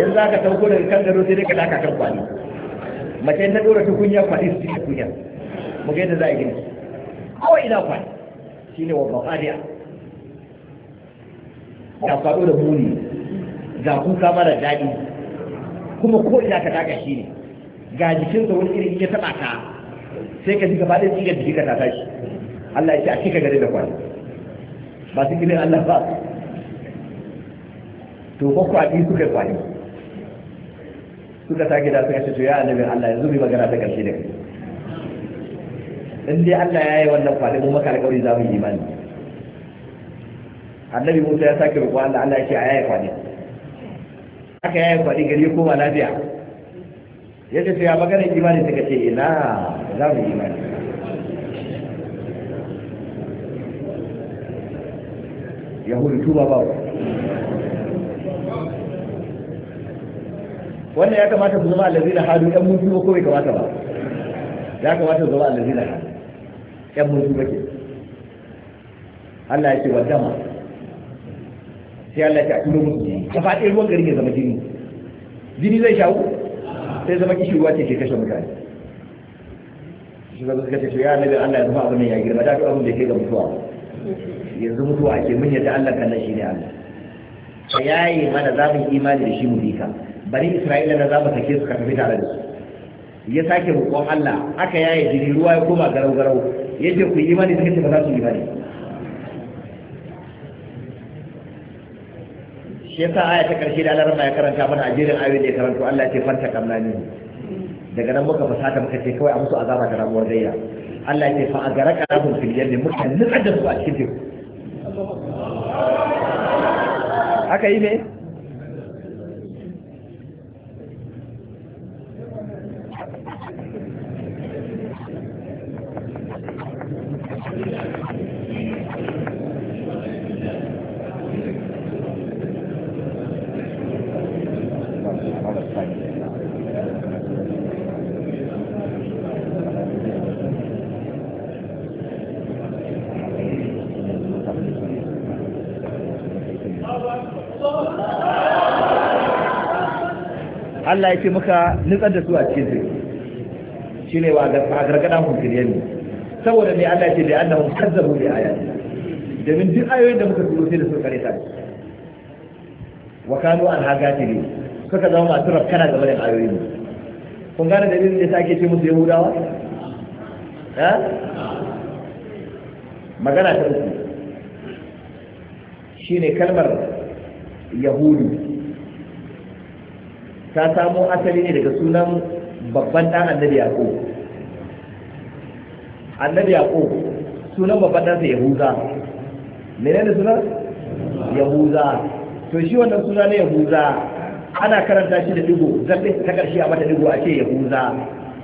in za ka tauko daga kan gado sai dai ka daka kan kwali mace ta dora ta kunya kwali su ta kunya mu ga yadda za a gina kawai ina kwali shi ne wa maƙadiya ga kwado da muni ga kuka mara daɗi kuma ko ina ka taka shi ne ga sa wani irin ya taba ka sai ka ji gaba da tsigar jiki ka tata shi Allah ya ce a cika gare da kwana ba su gine Allah ba to ko kwaɗi suka yi kwani suka ta gida suka ce to ya annabi Allah yanzu bi magana ta ƙarshe da kai in dai Allah ya yi wannan kwaɗi mun maka alƙawari za mu yi imani annabi Musa ya sake roƙo Allah Allah ya ce a yayi kwaɗi aka yaya kwaɗi gari ko ba lafiya ya ce ya magana imani suka ce ina za mu imani yahudu tuba ba wannan ya kamata ku zama allazi na hadu yan mutu ko bai kamata ba ya kamata ku zama allazi na hadu yan mutu ba ke Allah ya ce wa dama sai Allah ta tuno musu ta faɗi ruwan garin ya zama jini jini zai shawo sai zama kishi ruwa ce ke kashe mutane shi ba suka ce to ya nabi Allah ya zama abin ya girma da abin da ke ga mutuwa yanzu mutuwa ke mun yadda Allah kan shi ne Allah ka yayi mana za imani da shi mu bi ka bari Isra'ila na za sake su ka tafi tare da su ya sake roƙon Allah aka yaye jini ruwa ya koma garau garau yace ku imani suka ce ba za su yi imani shi yasa aya ta karshe da Allah ya karanta mana a jerin ayoyin da ya karanto Allah ya ce fanta kamna ni daga nan muka fasata muka ce kawai a musu azaba da ramuwar gayya Allah ya ce fa agara karabun fil yalli muka nutsar da su a cikin teku haka yi ne Allah yake muka nutsar da su a cikin su shine wa a gargada mu kiriyani saboda ne Allah yake da annahum kazzabu bi ayatina domin duk ayoyin da muka turo sai da su kare ta wa kanu an hagati ne suka zama masu rafkana game da ayoyin kun gane dalilin da yasa ake ce musu yahudawa eh magana ta uku ne kalmar yahudu ta samo asali ne daga sunan babban dan annabi yaqub annabi yaqub sunan babban ɗansa yahuza menene sunan yahuza to shi wannan suna na yahuza ana karanta shi da digo zaɓe ta ƙarshe a mata digo a ce yahuza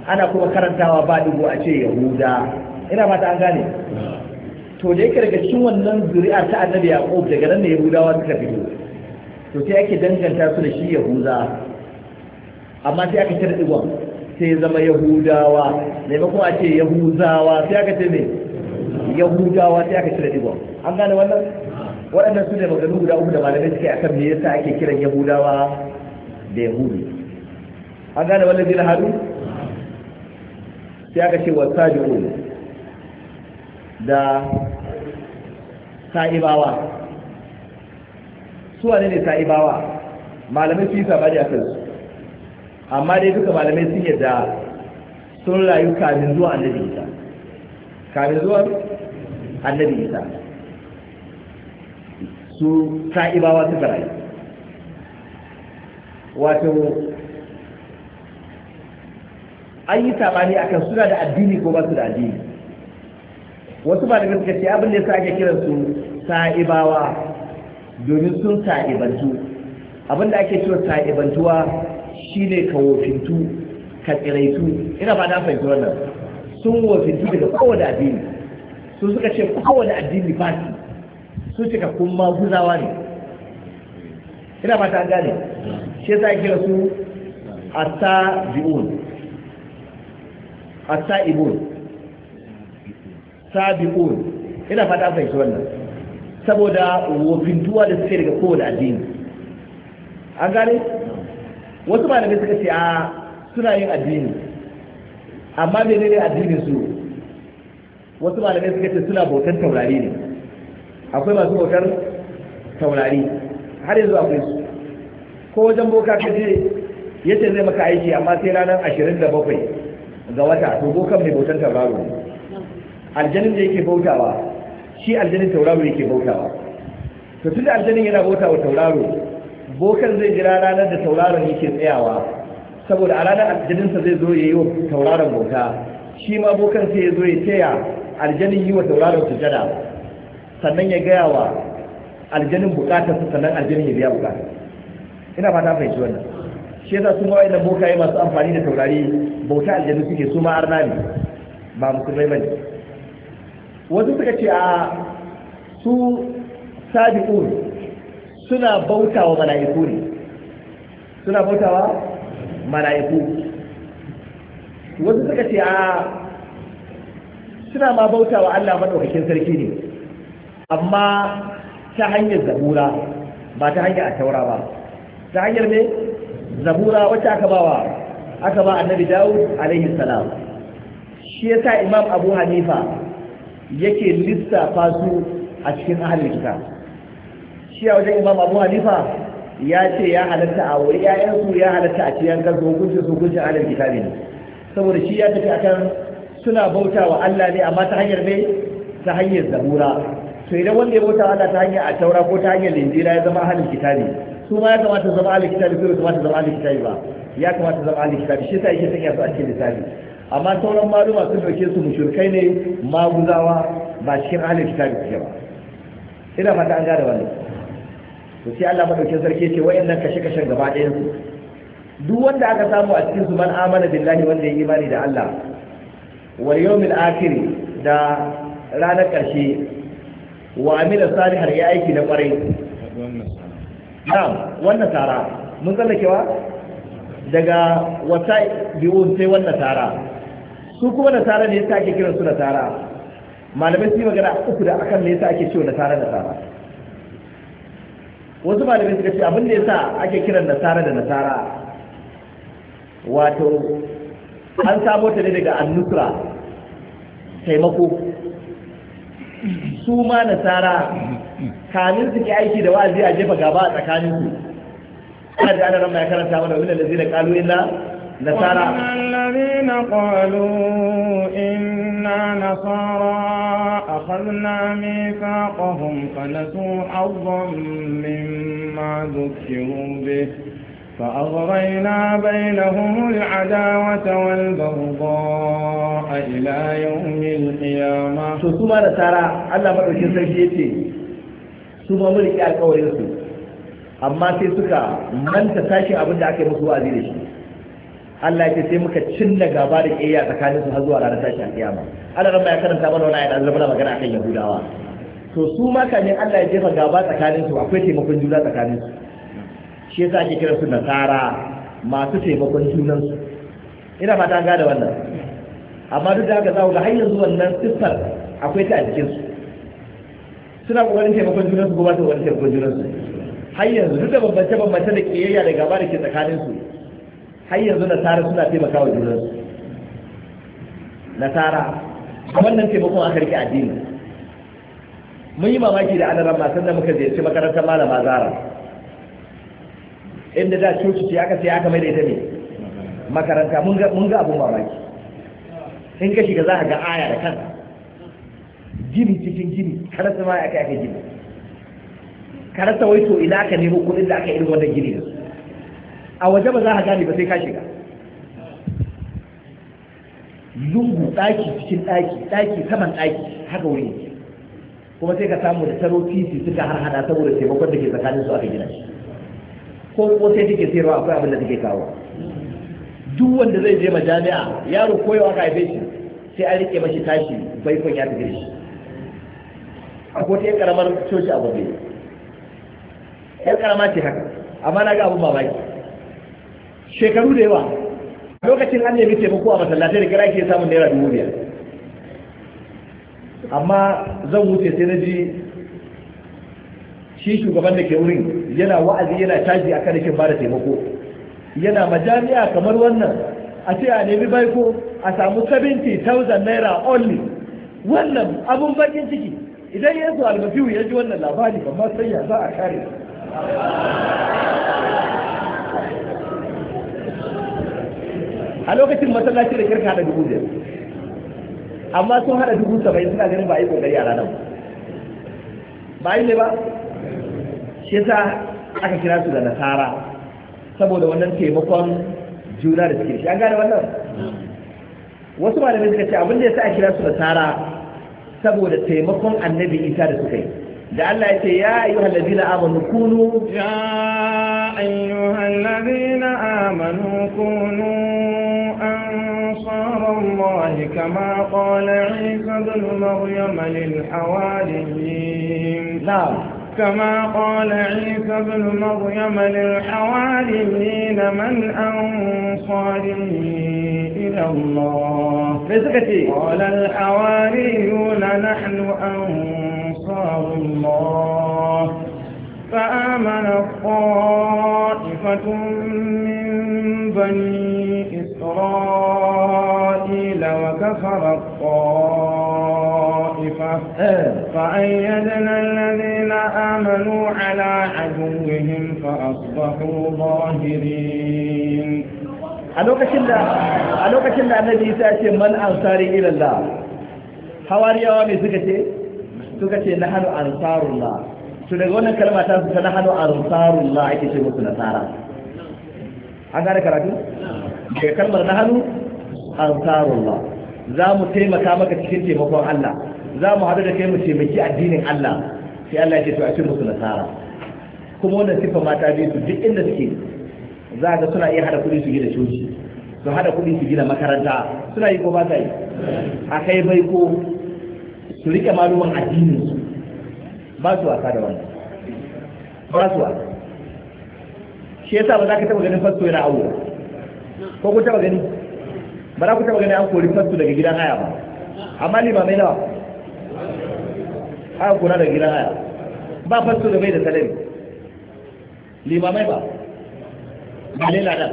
ana kuma karantawa ba digo a ce yahuda ina mata an gane to da yake daga cikin wannan zuri'a ta annabi yaqub daga nan ne yahudawa suka fito to sai ake danganta su da shi yahuza amma sai aka cire digon sai zama yahudawa maimakon a ce yahuzawa sai aka ce ne yahudawa sai aka cire digon an gane wannan waɗannan su ne maganin guda uku da malamai suke akan me yasa ake kiran yahudawa da yahudi an gane wannan zai haɗu, sai aka ce wa sabi'un da sa'ibawa su wane ne sa'ibawa malamai su yi sabani a kansu amma dai duka malamai sun yadda sun rayu kamin zuwa annabi isa kamin zuwa annabi isa su sa'ibawa suka rayu wato an yi sabani akan suna da addini ko ba su da addini wasu ba da gaske ce abin da yasa ake kiran su sa'ibawa domin sun sa'ibantu abin da ake cewa sa'ibantuwa shine ka wofintu ka tsiraitu ina ba na fahimci wannan sun wofintu daga kowane addini sun suka ce kowane addini ba su su cika kuma guzawa ne ina ba ta gane shi a kira su atta bi'un atta ibun sabi'un ina fata fahimci wannan saboda wofintuwa da suke daga kowane addini an gane wasu malamai suka ce a suna yin addini amma ne ne addinin su wasu malamai suka ce suna bautar taurari ne akwai masu bautar taurari har yanzu akwai su ko wajen boka ka je ya ce zai maka aiki amma sai ranar ashirin da bakwai ga wata to bokan mai bautar tauraro ne aljanin da yake bautawa shi aljanin tauraro yake bautawa to tun da aljanin yana bautawa tauraro bokan zai jira ranar da tauraron yake tsayawa saboda a ranar aljaninsa zai zo ya yi wa tauraron bauta shi ma bokan sai ya zo ya taya aljanin yi wa tauraron sujada sannan ya gaya wa aljanin bukatarsa sannan aljanin ya biya bukatar ina fata fahimci wannan shi yasa su mawai na bokaye masu amfani da taurari bauta aljanu suke su ma arna ne ba musulmai bane wasu suka ce a su sabiqun suna bautawa mala'iku ne suna bautawa mala'iku wasu suka ce a suna ma bautawa Allah maɗaukakin sarki ne amma ta hanyar zabura ba ta hanyar a taura ba ta hanyar ne zabura wacce aka bawa aka ba annabi Dawud alaihi salam shi sa Imam Abu Hanifa yake lissafa su a cikin ahlul kitab shi a wajen imam abu hanifa ya ce ya halatta a wuri su ya halatta a ciyan kansu hukuncin su hukuncin alal kitabi ne saboda shi ya tafi akan suna bauta wa Allah ne amma ta hanyar ne ta hanyar zabura to idan wanda ya bauta Allah ta hanyar a taura ko ta hanyar linjira ya zama halin kitabi su ma ya kamata zama ahlul kitabi ko kamata zama ahlul kitabi ba ya kamata zama ahlul kitabi shi ta yake sanya su a cikin lissafi amma sauran maluma sun dauke su mushrikai ne maguzawa ba cikin ahlul kitabi ba ina fata an gane wannan to sai Allah madaukakin sarki ce wayannan kashe kashen gaba ɗayan su duk wanda aka samu a cikin su man amana billahi wanda ya imani da Allah wal yawmil akhir da ranar karshe wa amila salihan ya aiki na kwarai na'am wannan tara mun tsallakewa daga wata biyun sai wannan tara su kuma na tara ne yasa ake kiransu na tara malamai su yi magana uku da akan ne yasa ake ciwo na tara na tara wasu malamai suka ce abin da ya sa ake kiran nasara da nasara wato an samo ta ne daga annusra taimako su ma nasara kamin suke aiki da wa'azi a jefa gaba a tsakaninsu ana da ana ran ya karanta mana wani da zai da kalu illa نصارى الذين قالوا إنا نصارى أخذنا ميثاقهم فنسوا حظا مما ذكروا به فأغرينا بينهم العداوة والبغضاء إلى يوم القيامة سوما نصارى الله مرحبا سيدي سوما ملك القول يسوع amma sai suka manta tashin abin da aka yi musu wa'azi da shi Allah ya sai muka cinna gaba da ƙeya tsakanin su har zuwa ranar tashi alkiyama Allah ran ya karanta mana wannan ayat Allah magana akan Yahudawa to su ma kan Allah ya jefa gaba tsakanin su akwai taimakon juna tsakanin su shi yasa ake kiran su nasara masu taimakon junan su ina fata an da wannan amma duk da haka za ku ga har yanzu wannan siffar akwai ta a cikin su suna kokarin taimakon junan su ko ba su kokarin taimakon junan su har yanzu duk da bambance bambance da ƙeya da gaba da ke tsakanin su har yanzu nasara suna taimaka wa junansu nasara wannan taimakon aka rike addini mun yi mamaki da adaran masu da muka ziyarci makarantar malama zara inda da coci ce aka sai aka mai da ita ne makaranta mun ga abun mamaki in ka shiga za ka ga aya da kan gini cikin gini karasa ma aka aka gini karasa wai to ina aka nemo kudin da aka irin wannan gini da su a waje ba za ka gane ba sai ka shiga lungu ɗaki cikin ɗaki ɗaki saman ɗaki haka wuri kuma sai ka samu da taro titi suka har hada saboda taimakon da ke tsakanin su aka gina shi ko ko sai take sayarwa akwai abin da take kawo duk wanda zai je majami'a yaro koyawa aka haife shi sai an rike mashi tashi baikon ya tafi shi akwai ta yan karamar coci a babbe yan karama ce haka amma na ga abun mamaki shekaru da yawa lokacin an nemi taimako a masallatai da kira ke samun naira dubu biyar amma zan wuce sai na ji shi shugaban da ke wurin yana wa'azi yana caji a kan kin bada taimako yana majami'a kamar wannan a ce a nemi baiko a samu 70,000 naira only wannan abun bakin ciki idan yanzu almafiwu ya ji wannan labari ba ma sanya za a kare a lokacin masallaci da kirka hada dubu biyar amma sun hada dubu saba'in suna ganin ba a yi kokari a ranar ba a yi ne ba shi yasa aka kira su da nasara saboda wannan taimakon juna da suke shi an gane wannan wasu malamai suka ce abin da yasa a kira su nasara saboda taimakon annabi isa da suka yi da Allah ya ce ya ayyuhal ladina amanu kunu ya ayyuhal ladina amanu kunu الله كما قال عيسى بن مريم للحواريين نعم كما قال عيسى بن مريم للحواريين من أنصاري إلى الله قال الحواريون نحن أنصار الله فآمن الطائفة من بني إسرائيل وكفر الطائفة فأيدنا الذين آمنوا على عدوهم فأصبحوا ظاهرين a lokacin da annabi isa ce man ansari ilallah hawariyawa mai suka ce suka ce na hannu ansarullah su daga wannan kalma ta su ta na hannu ansarullah ake ce musu nasara an gane karatu daga kalmar na hannu ansarullah za mu taimaka maka cikin taimakon Allah za mu haɗu da kai mu taimaki addinin Allah sai Allah ya ce to a ce musu nasara kuma wannan sifa mata biyu su duk inda suke za ga suna iya hada kuɗi su gina coci su hada kuɗi su gina makaranta suna yi ko ba ta yi a kai bai ko su rike maluman addinin su ba su wasa da wannan ba su wasa shi yasa ba za ka taɓa ganin fasto yana awo ko ku taɓa gani ba za ku taɓa gani an kori fasto daga gidan haya ba amma limamai nawa haya kora daga gidan haya ba fasto da bai da salari limamai ba ba ne ladan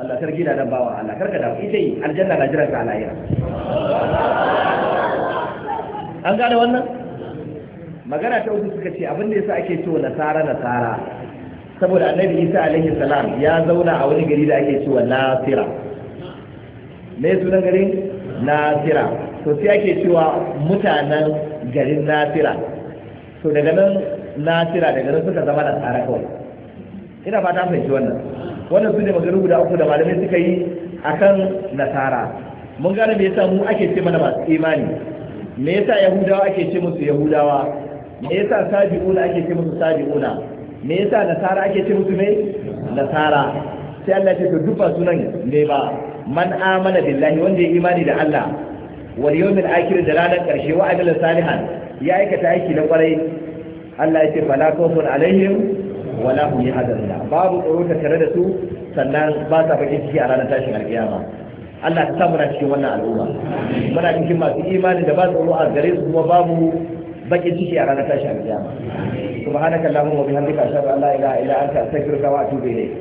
Allah sarki ladan bawa Allah karka da ita yi aljanna na jiran ka alayya an gane wannan magana ta uku suka ce abin da yasa ake cewa nasara nasara saboda annabi isa alaihi salam ya zauna a wani gari da ake cewa nasira me sunan garin nasira to sai ake cewa mutanen garin nasira to daga nan nasira daga nan suka zama da tsara kawai ina fata fahimci wannan wannan su ne maganganu guda uku da malamai suka yi akan nasara mun gane me yasa mu ake ce mana masu imani me yasa yahudawa ake ce musu yahudawa me yasa sabi'una ake ce musu sabi'una me yasa nasara ake ce musu me nasara sai Allah ce to duk sunan ne ba man amana billahi wanda ya imani da Allah wal yawmil akhir da ranar karshe wa amila salihan ya aikata aiki na kwarai Allah ya ce fala khawfun alaihim wala hum yahzanun babu tsoro ta tare da su sannan ba sa bakin ciki a ranar tashin alkiyama Allah ta na cikin wannan al'umma muna cikin masu imani da ba tsoro a gare su kuma babu baki ciki a ranar tashin alkiyama subhanakallahumma wa bihamdika ashhadu an la ilaha illa anta astaghfiruka wa atubu ilayk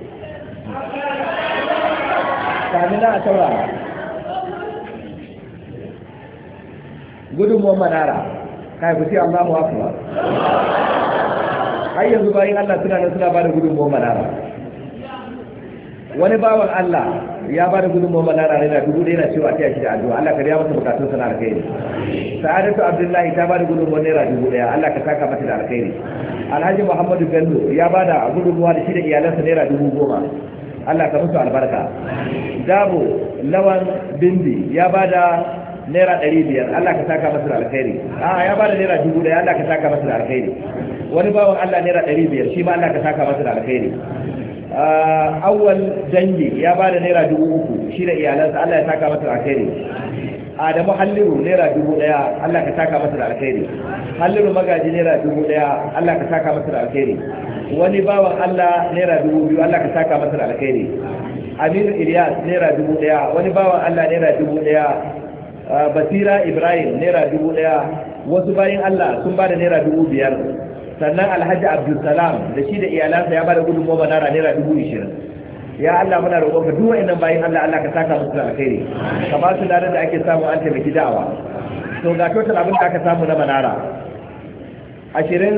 kamina a taura gudun gudunmuwan manara kai ku ce Allah mu akbar har yanzu bayan Allah suna nan suna bada gudunmuwan manara wani bawan Allah ya bada gudunmuwan manara ne na dubu ɗaya na cewa ta shi da addu'a Allah ka biya masa bukatun sana alkhairi sa'adatu abdullahi ta bada gudunmuwan naira dubu ɗaya Allah ka saka mata da alkhairi alhaji muhammadu bello ya bada gudunmuwa da shi da iyalansa naira dubu goma Allah ka musu albarka dabo lawan bindi ya bada naira ɗari biyar Allah ka saka masa alkhairi a ya bada naira dubu ɗaya Allah ka saka masa alkhairi wani bawan Allah naira ɗari biyar shi ma Allah ka saka masa alkhairi awwal dangi ya bada naira dubu uku shi da iyalansa Allah ya saka masa alkhairi adamu halliru naira dubu ɗaya Allah ka saka masa alkhairi halliru magaji naira dubu ɗaya Allah ka saka masa alkhairi wani bawan Allah naira dubu biyu Allah ka saka masa da alkhairi Aminu Ilyas naira dubu daya wani bawan Allah naira dubu daya ah, Basira Ibrahim naira dubu daya wasu bayan Allah sun ba da naira dubu biyar sannan Alhaji Abdulsalam da shi da iyalansa ya ba da gudunmawa naira naira dubu ishirin ya Allah muna roƙonka duk wa'annan bayan Allah Allah ka saka musu da alkhairi ka ba su da ake samu an taimaki da'awa to ga total abin da aka samu na manara ashirin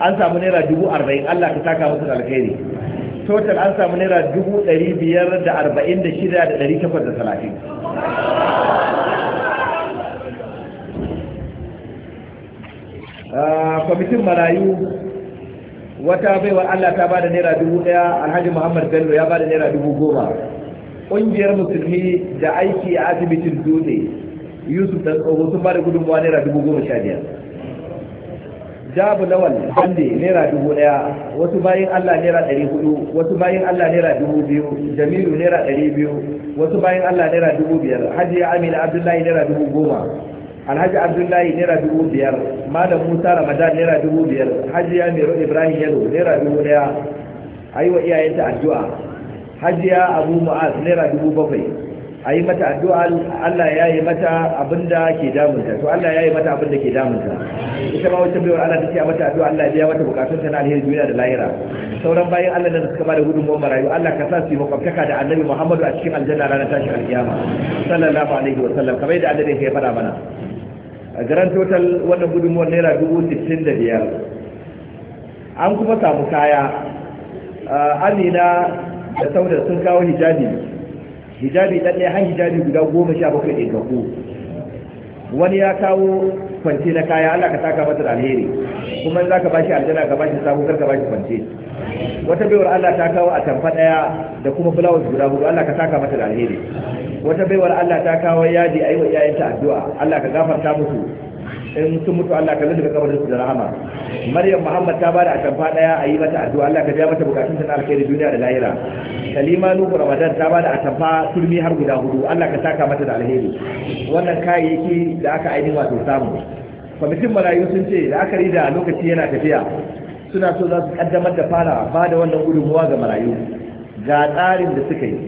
an samu naira dubu arba'in Allah ka saka musu alkhairi total an samu naira dubu ɗari biyar da arba'in da shida da ɗari takwas da talatin ah, kwamitin marayu wata baiwa Allah ta ba da naira dubu ɗaya alhaji muhammad bello ya ba da naira dubu goma ƙungiyar musulmi da aiki a asibitin dutse yusuf da tsoho sun ba da gudunmawa naira dubu goma sha biyar jabu lawal bande naira dubu daya wasu bayan allah naira ɗari hudu wasu bayan allah naira dubu biyu jamilu naira ɗari biyu wasu bayan allah naira dubu biyar hajiya amina abdullahi naira dubu goma alhaji abdullahi naira dubu biyar malam musa ramadan naira dubu biyar hajiya mero ibrahim yalo naira dubu daya a yi wa iyayenta addu'a hajiya abu mu'az naira dubu bakwai a yi mata addu'a Allah ya yi mata abin da ke damunta to Allah ya yi mata abin da ke damunta ita ma wacce baiwar Allah take mata addu'a Allah ya mata bukatun ta na alheri duniya da lahira sauran bayan Allah da suka ba gudun gudunmuwar marayu Allah ka sa su yi makwabtaka da Annabi Muhammadu a cikin aljanna ranar tashin alkiyama sallallahu alaihi wa sallam kamar yadda Annabi ya fara mana a garan total wannan gudunmuwar naira dubu sittin da biyar an kuma samu kaya amina da sauda sun kawo hijabi hijabi dan ɗaya har hijabi guda goma sha bakwai ɗin kakku wani ya kawo kwance na kaya Allah ka saka masa alheri kuma za ka bashi aljana ka bashi sabo kar ka bashi kwance wata baiwar Allah ta kawo atamfa ɗaya da kuma flowers guda hudu Allah ka saka mata da alheri wata baiwar Allah ta kawo yaji ayi wa iyayenta addu'a Allah ka gafarta musu in sun mutu Allah ka lalluka kabarin su da rahama Maryam Muhammad ta bada atamfa daya a yi mata addu'a Allah ka ja mata bukatun ta alkhairi duniya da lahira Salima Nuhu Ramadan ta bada atamfa turmi har guda hudu Allah ka saka mata da alheri wannan kayayyaki da aka ainihin wato samu kwamitin marayu sun ce da aka da lokaci yana tafiya suna so za su kaddamar da fara ba da wannan gudunmuwa ga marayu ga tsarin da suka yi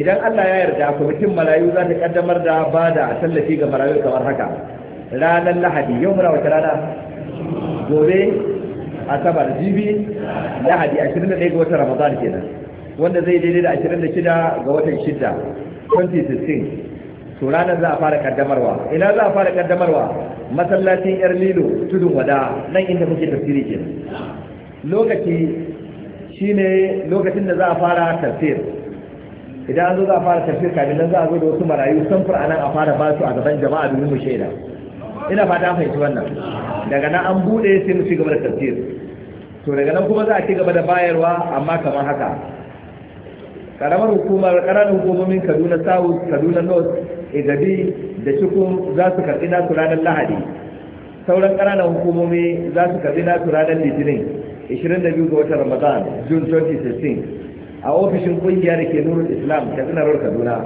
idan Allah ya yarda kwamitin marayu za ta kaddamar da ba da tallafi ga marayu kamar haka ranar lahadi yau muna wata rana gobe asabar jibi lahadi 21 ga watan ramadan kenan wanda zai daidai da 26 ga watan shida 2016 to ranar za a fara kaddamarwa ina za a fara kaddamarwa masallacin yar lilo tudun wada nan inda muke tafsiri kenan lokaci shine lokacin da za a fara tafsir idan an zo za a fara tafsir kafin nan za a zo da wasu marayu samfur a nan a fara basu a gaban jama'a domin mu shaida ina fata an fahimci wannan daga nan an bude sai mu ci gaba da tafsir to daga nan kuma za a ci gaba da bayarwa amma kamar haka karamar hukumar ƙananan hukumomin kaduna south kaduna north igabi da cikin za su karɓi nasu ranar lahadi sauran ƙananan hukumomi za su karɓi nasu ranar litinin 22 ga watan ramadan june 2016 a ofishin ƙungiya da ke nurul islam ta kaduna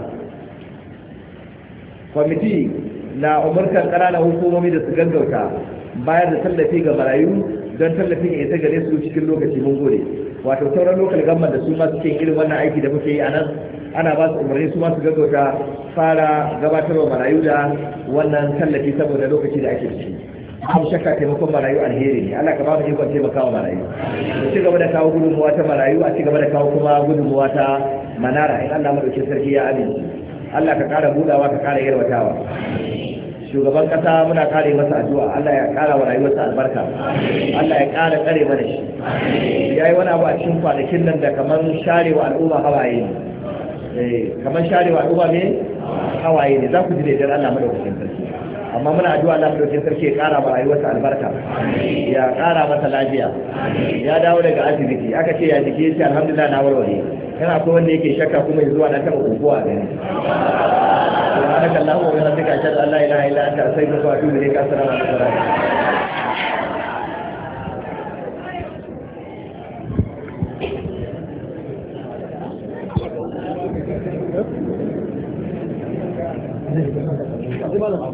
kwamiti na umurkan ƙananan hukumomi da su gaggauta bayar da tallafi ga marayu don tallafi ga isa gare su cikin lokaci mun gode wato sauran lokal gamman da su ma cikin irin wannan aiki da muke yi a nan ana ba su umarni su ma su gaggauta fara gabatarwa marayu da wannan tallafi saboda lokaci da ake ciki babu shakka taimakon marayu alheri ne Allah ka ba mu ikon taimakawa marayu mu ci gaba da kawo gudunmuwa ta marayu a ci gaba da kawo kuma gudunmuwa ta manara in Allah madaukin sarki ya amince Allah ka ƙara budawa ka ƙara yarwatawa shugaban kasa muna kare masa addu'a Allah ya kara wa rayuwarsa albarka Allah ya kara tsare mana shi yayi wani abu a cikin kwanakin nan da kamar sharewa al'umma hawaye eh, kamar sharewa al'umma ne hawaye ne za ku ji da Allah madaukakin sarki amma muna addu'a Allah dokin sarki ya kara ma rayuwarsa albarka ya kara masa lafiya ya dawo daga asibiti aka ce ya jike shi alhamdulillah na warware kana ko wanda yake shakka kuma ya zuwa na taba kokowa gani subhanaka allahumma wa bihamdika ashhadu an la ilaha illa anta astaghfiruka wa atubu ilayk assalamu alaikum Gracias.